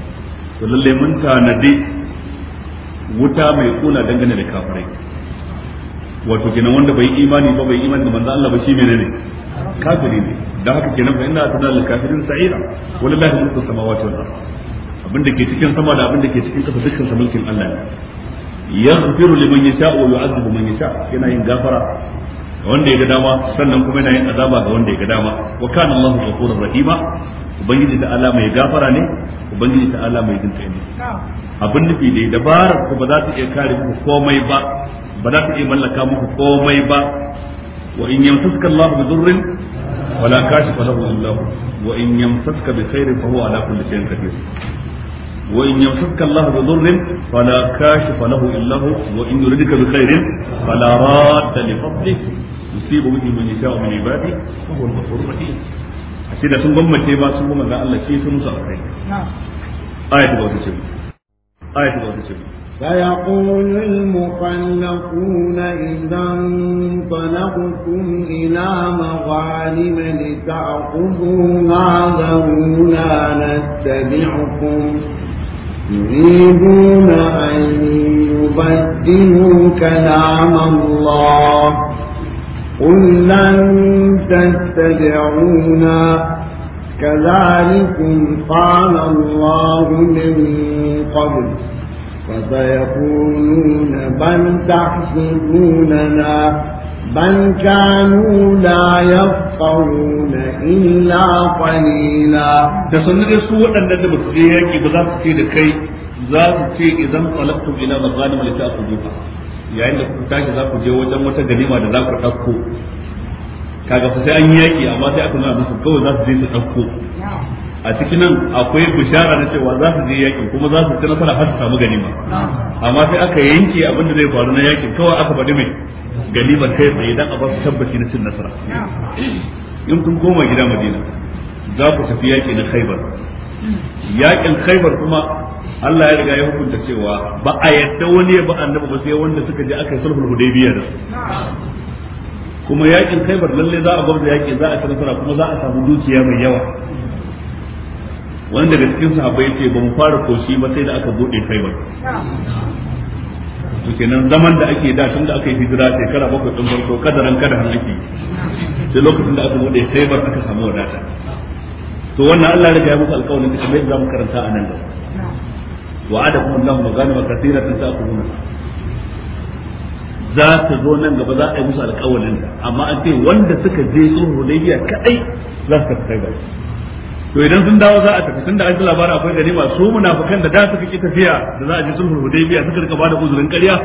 Speaker 1: to lalle mun tanadi wuta mai kuna dangane da kafirai wato kenan wanda bai imani ba bai imani da manzo Allah ba shi menene kafiri ne da haka kenan fa inna atana lil kafirin sa'ira wallahi mulku samawati wal ard abinda da ke cikin sama da abinda da ke cikin kasa dukkan mulkin Allah ne yaghfiru liman yasha wa yu'adhibu man yasha yana yin gafara wanda ya ga dama sannan kuma yana yin azaba ga wanda ya ga dama wa kana Allahu ghafurur rahima ubangiji da Allah mai gafara ne ubangiji da Allah mai jinta ne abin nufi da dabarar ku ba za ta iya kare ku komai ba ba za ta iya mallaka muku komai ba wa in yamsaka Allah bi dhurrin wala kashifa lahu illa hu wa in yamsaka bi khairin fa huwa ala kulli shay'in qadir wa in yamsaka Allah bi dhurrin fala kashifa lahu illa hu wa in yuridka bi khairin fala radda li fadlihi yusibu bihi man yasha'u min ibadihi wa huwa al-ghafurur rahim ashe da sun bambace ba sun bambance Allah shi sun musu alkhairi ayatu ba ta ce ayatu
Speaker 2: ba ta ce فيقول المخلقون إذا انطلقتم إلى مغانم لتأخذوها ذرونا نتبعكم يريدون أن يبدلوا كلام الله قل لن تتبعونا كذلكم قال الله من قبل فسيقولون من تحسبوننا من كانوا لا يفقهون إلا قليلا تصنع سوء أن ندب فيك بذات في ذكي ذات في
Speaker 1: إذن طلبتم إلى مغانم لتأخذوها yayin da kuka tashi za ku je wajen wata ganima da za ku ɗauko kaga su an yi yaƙi amma sai aka nuna musu kawai za su je su ɗauko a cikin nan akwai bishara na cewa za su je yakin kuma za su ci nasara har su samu ganima amma sai aka yanke abin da zai faru na yakin kawai aka faɗi mai ganimar kai tsaye dan a ba su tabbaci na cin nasara in kun koma gida madina za ku tafi yaki na khaibar yakin khaibar kuma Allah ya riga ya hukunta cewa ba a yadda wani ya ba annabi ba sai wanda suka je aka yi sulhul hudaybiya da kuma yakin khaibar lalle za a gwamza yaki za a ci nasara kuma za a samu dukiya mai yawa wanda daga cikin sahabbai yace ba mu fara koshi ba sai da aka bude Khaibar to kenan zaman da ake da tun da aka yi hijira shekara bakwai din farko kadaran kada han ake sai lokacin da aka bude Khaibar aka samu wadata to wannan Allah ya ga muku alƙawarin da kamar zamu karanta a nan da wa'adakum Allahu maghanima katiratan ta'khuduna za ta zo nan gaba za a yi musu alƙawalin amma an ce wanda suka je sun hudaybiya kadai za su tafi to idan sun dawo za a tafi tunda an ji labarin akwai ganima su munafikan da da suka ki tafiya da za a ji sulhul hudaybiya suka rika bada uzurin ƙarya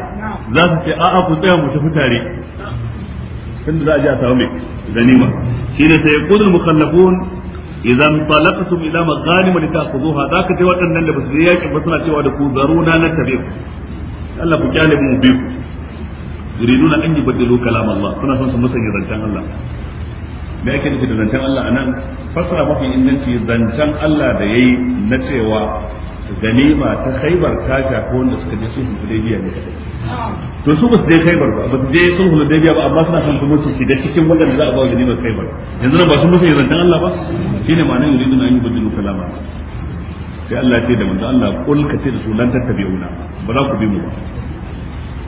Speaker 1: za su ce a'a ku tsaya mu tafi tare tunda za a ji a samu mai ganima shine sai yaqulul mukhallafun idan talaqtum ila maghanim lita'khudhuha zaka ce waɗannan da basu yi yakin ba suna cewa da ku zaruna na tabi Allah ku kyale mu bi ku yuriduna an yubaddilu kalam Allah suna son su musanya zancen Allah me ake nufi da zancen Allah anan fasara mafi inganci zancen Allah da yayi na cewa ganima ta khaibar ta shafi wanda suka je sulhu hudaybiya ne to su ba je khaibar ba ba su je sulhu hudaybiya ba amma suna son kuma su shiga cikin wadanda za a ba ganimar khaibar yanzu ba su musu zancen Allah ba shine ma'anar yuridu na yubdilu kalama sai Allah ce da manzo Allah kul ka ce da su lan tattabi'una ba za ku bi mu ba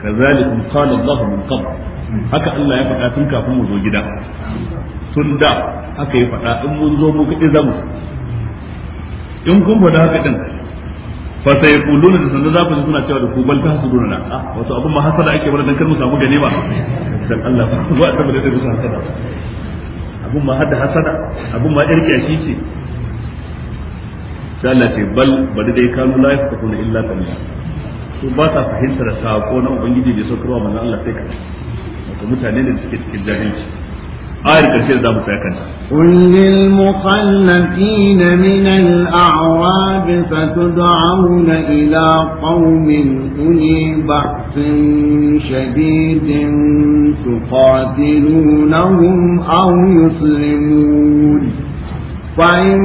Speaker 1: kazalikum qala Allah min qabl haka Allah ya faɗa tun kafin mu zo gida tun da aka yi faɗa in mun zo mu kaɗai zamu in kun faɗa haka din fa sai kuluna da sanda zaku suna cewa da ku bal ta hasu duna a ah, wato abin ma hasada ake mana dan kar mu samu gane ba dan Allah ba ba ta bada da hasada abin ma hada hasada abin ma irki a shi sai Allah ce bal bada dai kanu la yafquna illa qalila su ba ta fahimtar sako na ubangiji da sokarwa manzon Allah sai ka wato mutane ne suke cikin jahilci ayar karshe da zamu tsaya kanta
Speaker 2: qul lil mukhallafin min al a'rab فإن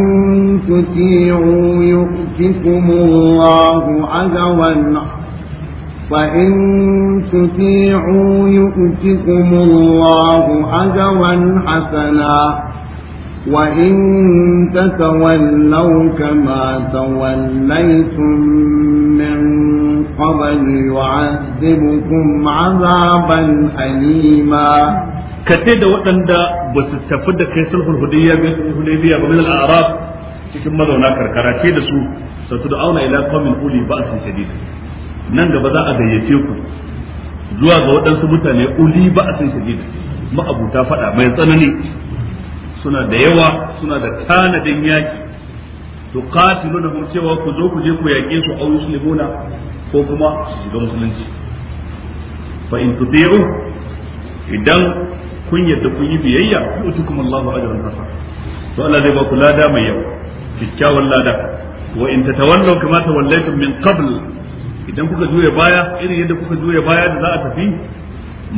Speaker 2: تطيعوا يؤتكم الله أجرا فإن تطيعوا يؤتكم الله أجرا حسنا وإن تتولوا كما توليتم من قبل يعذبكم عذابا أليما kace da waɗanda ba su tafi da kai sulhul hudaybiya ba min al-a'rab
Speaker 1: cikin mazauna karkara ce da su auna ila qaumin uli ba'sin nan gaba za a gayyace ku zuwa ga waɗansu mutane uli ba a san shadida ma'abuta faɗa mai tsanani suna da yawa suna da tanadin yaki to qatilunahum cewa ku zo ku je ku yaƙe su aw yuslimuna ko kuma su shiga musulunci fa in tuti'u idan kun yadda kun yi biyayya yu'tukum Allahu ajran hasan to Allah zai ba ku lada mai yawa kikkiawan lada wa in tatawallaw kama tawallaytum min qabl idan kuka juya baya irin yadda kuka juya baya da za a tafi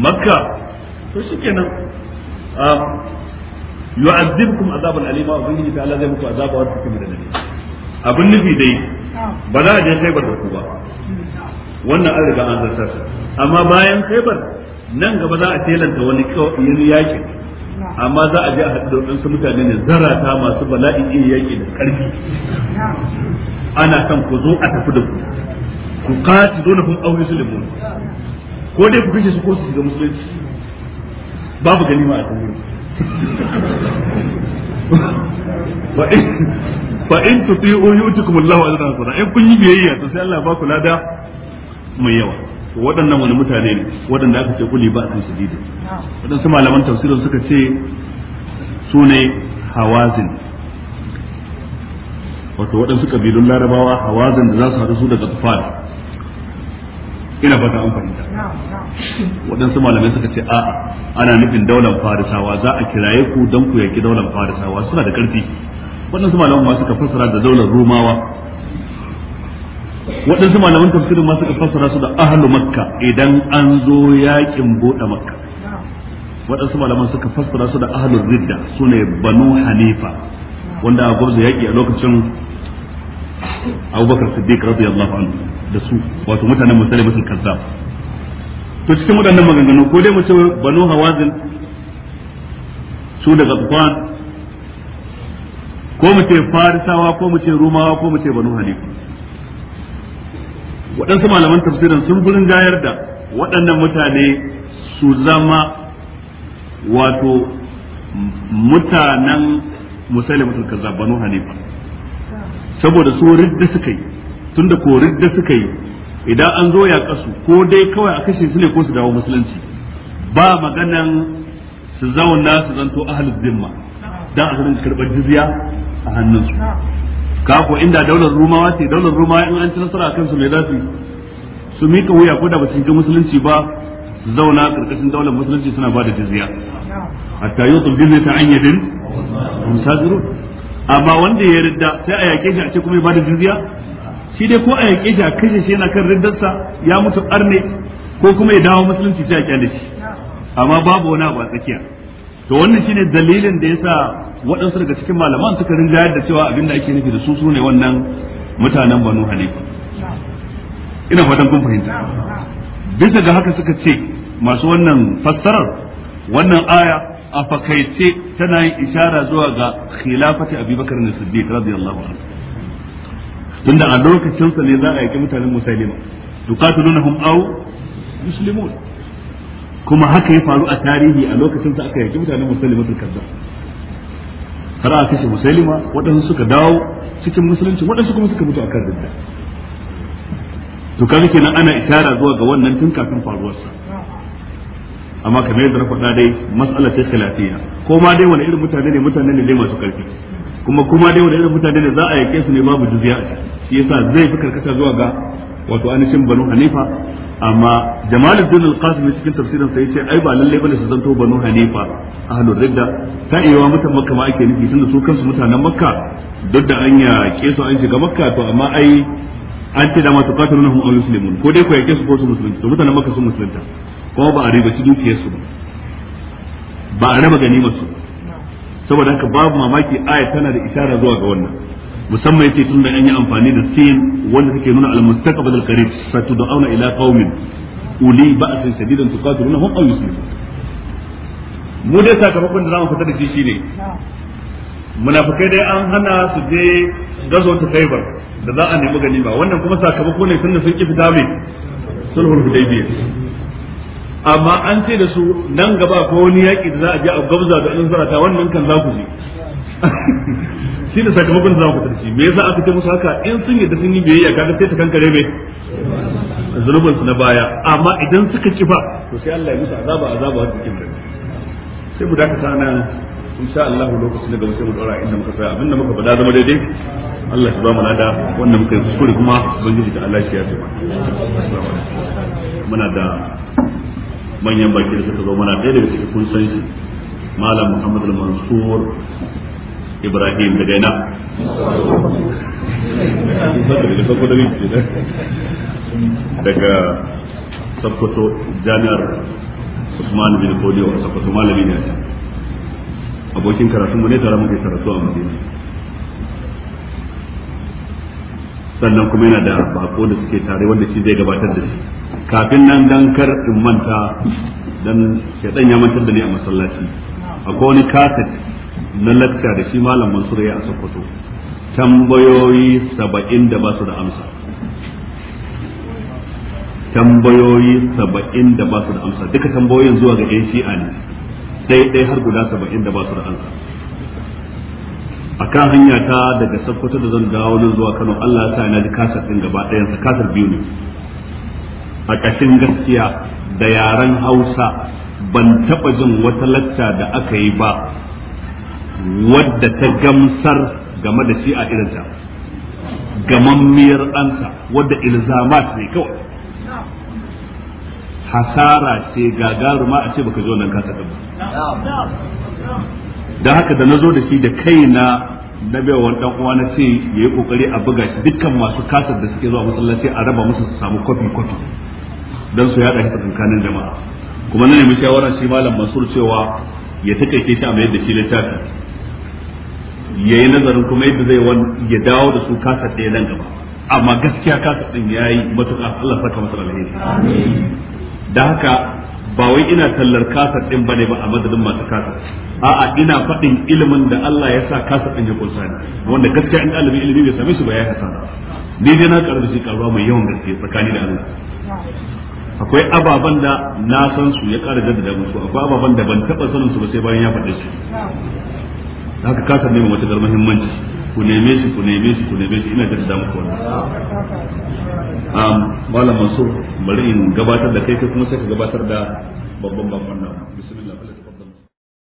Speaker 1: makka to shikenan um, yu'azzibkum azaban alima wa ta ta'ala zai muku azaba wa tukum da nabi abin nufi dai ba za a je kaibar da ku ba wannan an riga an zartar amma bayan kaibar nan gaba za a telanta wani kawai yaki amma za a je a haɗu da su mutane ne zarata masu bala'in iya yaki da ƙarfi ana son ku zo a tafi da ku ku aure su yuslimun ko dai ku kashe su ko su shiga musulunci babu ganima a kan fa in tuti'u Allah wa ajran hasana in kun yi biyayya to sai Allah ba ku lada mai yawa waɗannan wani mutane ne waɗanda aka ce kuli ba a san shadidi waɗansu malaman tafsirin suka ce su ne hawazin wato waɗansu kabilun larabawa hawazin da za su haɗu su daga tufan ina fata an fahimta waɗansu malamai suka ce a'a ana nufin daular farisawa za a kiraye ku don ku yaki daular farisawa suna da ƙarfi waɗansu malamai ma suka fassara da daular rumawa waɗansu malamai tafsirin ma suka fassara su da ahlu makka idan an zo yakin buɗe makka waɗansu malamai suka fassara su da zidda ridda ne banu hanifa wanda a gurzu yaki a lokacin abubakar siddiq radiyallahu anhu da su wato mutanen musulmi kazzab to cikin waɗannan maganganu ko dai mu ce banu hawazin su daga tsufan ko mu ce farisawa ko mu ce rumawa ko mu ce banu hanifa waɗansu malaman tafsirin sun gurin gayar da waɗannan mutane su zama wato mutanen musulmi kazzab banu hanifa saboda su ridda suka yi tunda ko ridda suka yi idan an zo ya kasu ko dai kawai a kashe su ne ko su dawo musulunci ba maganan su zauna su zanto ahlul zimma dan a rinka karɓar jizya a hannunsu ka ko inda daular rumawa ce daular rumawa in an ci nasara a su me za su su mika wuya ko da ba su shiga musulunci ba su zauna karkashin daular musulunci suna ba da jizya hatta yutul jizya ta an yadin musajirun amma wanda ya ridda sai a yake shi a ce kuma ya ba da jizya shi dai ko a yake shi a kashe shi yana kan riddarsa ya mutu arne ko kuma ya dawo musulunci sai a kyale shi amma babu wani abu a tsakiya to wannan shine dalilin da ya sa waɗansu daga cikin malaman suka rinjayar da cewa abin da ake nufi da su su ne wannan mutanen banu hanifa ina fatan kun fahimta bisa ga haka suka ce masu wannan fassarar wannan aya a fakaice tana yin ishara zuwa ga khilafati abubakar na siddiq radiyallahu anhu tunda a lokacin sa ne za a yaki mutanen musailima tuqatilunhum aw muslimun kuma haka ya faru a tarihi a lokacin sa aka yaki mutanen musailima tul kazzab har aka kashe musailima waɗansu suka dawo cikin musulunci waɗansu kuma suka mutu akan ridda to kaga kenan ana ishara zuwa ga wannan tun kafin faruwarsa amma kamar yadda na faɗa dai mas'ala ta khilafiyya ko ma dai wani irin mutane ne mutane ne dai masu karfi kuma kuma dai wadannan mutane da za a yake su ne babu jizya a ciki shi yasa zai fi karkata zuwa ga wato anishin banu hanifa amma jamaluddin al-qasim cikin tafsirin sa yace ai ba lalle bane su zanto banu hanifa ahlur ridda ta iya mutan makka ma ake nufi tunda su kansu mutanen makka duk da an yake su an shiga makka to amma ai an ce da masu su hum aw muslimun ko dai ko yake su ko su musulunci to mutanen makka sun musulunta kuma ba a riba dukiyar su ba ba a raba ganimar su saboda haka babu mamaki aya tana da isharar zuwa ga wannan musamman yace tunda an yi amfani da sin wanda take nuna al-mustaqbal al-qarib satud'auna ila qaumin uli ba'sin shadidan tuqatilunhum aw yuslimun mu dai sakamakon da zamu fita da shi shine munafikai dai an hana su je gazo ta Khaibar da za a nemi ganima wannan kuma sakamako ne tunda sun ki fita mai sulhul hudaybiyah amma an ce da su nan gaba ko wani yaƙi da za a je a gabza da ɗan sarata wannan kan za ku je shi da sakamakon za ku tarci me yasa aka ce musu haka in sun yi da sun yi biyayya kaga sai ta kankare mai zunubin su na baya amma idan suka ci ba to sai Allah ya musu azaba azaba wa cikin da sai mu dakata nan insha Allah lokacin da gaba sai mu dora inda muka tsaya abinda muka faɗa zama daidai Allah ya ba mu lada wannan muka yi kuskure kuma ubangiji da Allah shi ya tsaya muna da manyan baki da suka zo mana ɗaya daga cikin kun san shi malam muhammad al-mansur ibrahim da ina daga sakkwato jami'ar usman bin kodiyo a sakkwato malami ne abokin karatu mu ne tare muke karatu a madina sannan kuma yana da bako da suke tare wanda shi zai gabatar da shi kafin nan dan kar in manta dan shedan ya mantar da ni a masallaci akwai wani kafin na lacca da shi malam Mansur ya a tambayoyi saba'in da ba su da amsa tambayoyi saba'in da ba su da amsa duka tambayoyin zuwa ga yan shi'a ne ɗaya har guda saba'in da ba su da amsa a kan hanya ta daga sakkwato da zan dawo nan zuwa kano allah ta na ji kasar ɗin gaba ɗayansa kasar biyu ne a ƙashin gaskiya da yaren hausa ban taɓa jin wata lacca da aka yi ba wadda ta gamsar game da shi a irinta gamammiyar ɗansa wadda ilzamat ne kawai hasara ce gagaruma a ce baka zo nan kasa
Speaker 3: ba
Speaker 1: da haka da na zo da shi da kaina na wa dan uwa na ce ya yi ƙoƙari a buga shi dukkan masu kasar da suke zuwa masallaci a raba musu su samu kwafi-kwafi. don su yada shi tsakanin jama'a kuma na nemi shawara shi malam mansur cewa ya takaice shi a mayar da shi littafi ya yi nazarin kuma yadda zai ya dawo da su kasa ɗaya nan gaba amma gaskiya kasa ɗin ya yi matuƙa Allah saka masa alheri da haka ba wai ina tallar kasa ɗin bane ba a madadin masu kasa. a'a ina faɗin ilimin da Allah ya sa kasa ɗin ya kunsa ni wanda gaskiya in ɗalibin ilimi bai same shi ba ya hasara ni dai na karɓi da shi karuwa mai yawan gaske tsakani da
Speaker 3: Allah
Speaker 1: akwai ababen da na san su ya kara jaddada musu akwai ababen da ban taba sanin su ba sai bayan ya faɗe su haka san ne mai matuƙar muhimmanci ku neme shi ku neme shi ku neme shi ina jaddada muku
Speaker 3: wannan malam
Speaker 1: mansur bari in gabatar da kai kai kuma sai ka gabatar da babban babban nan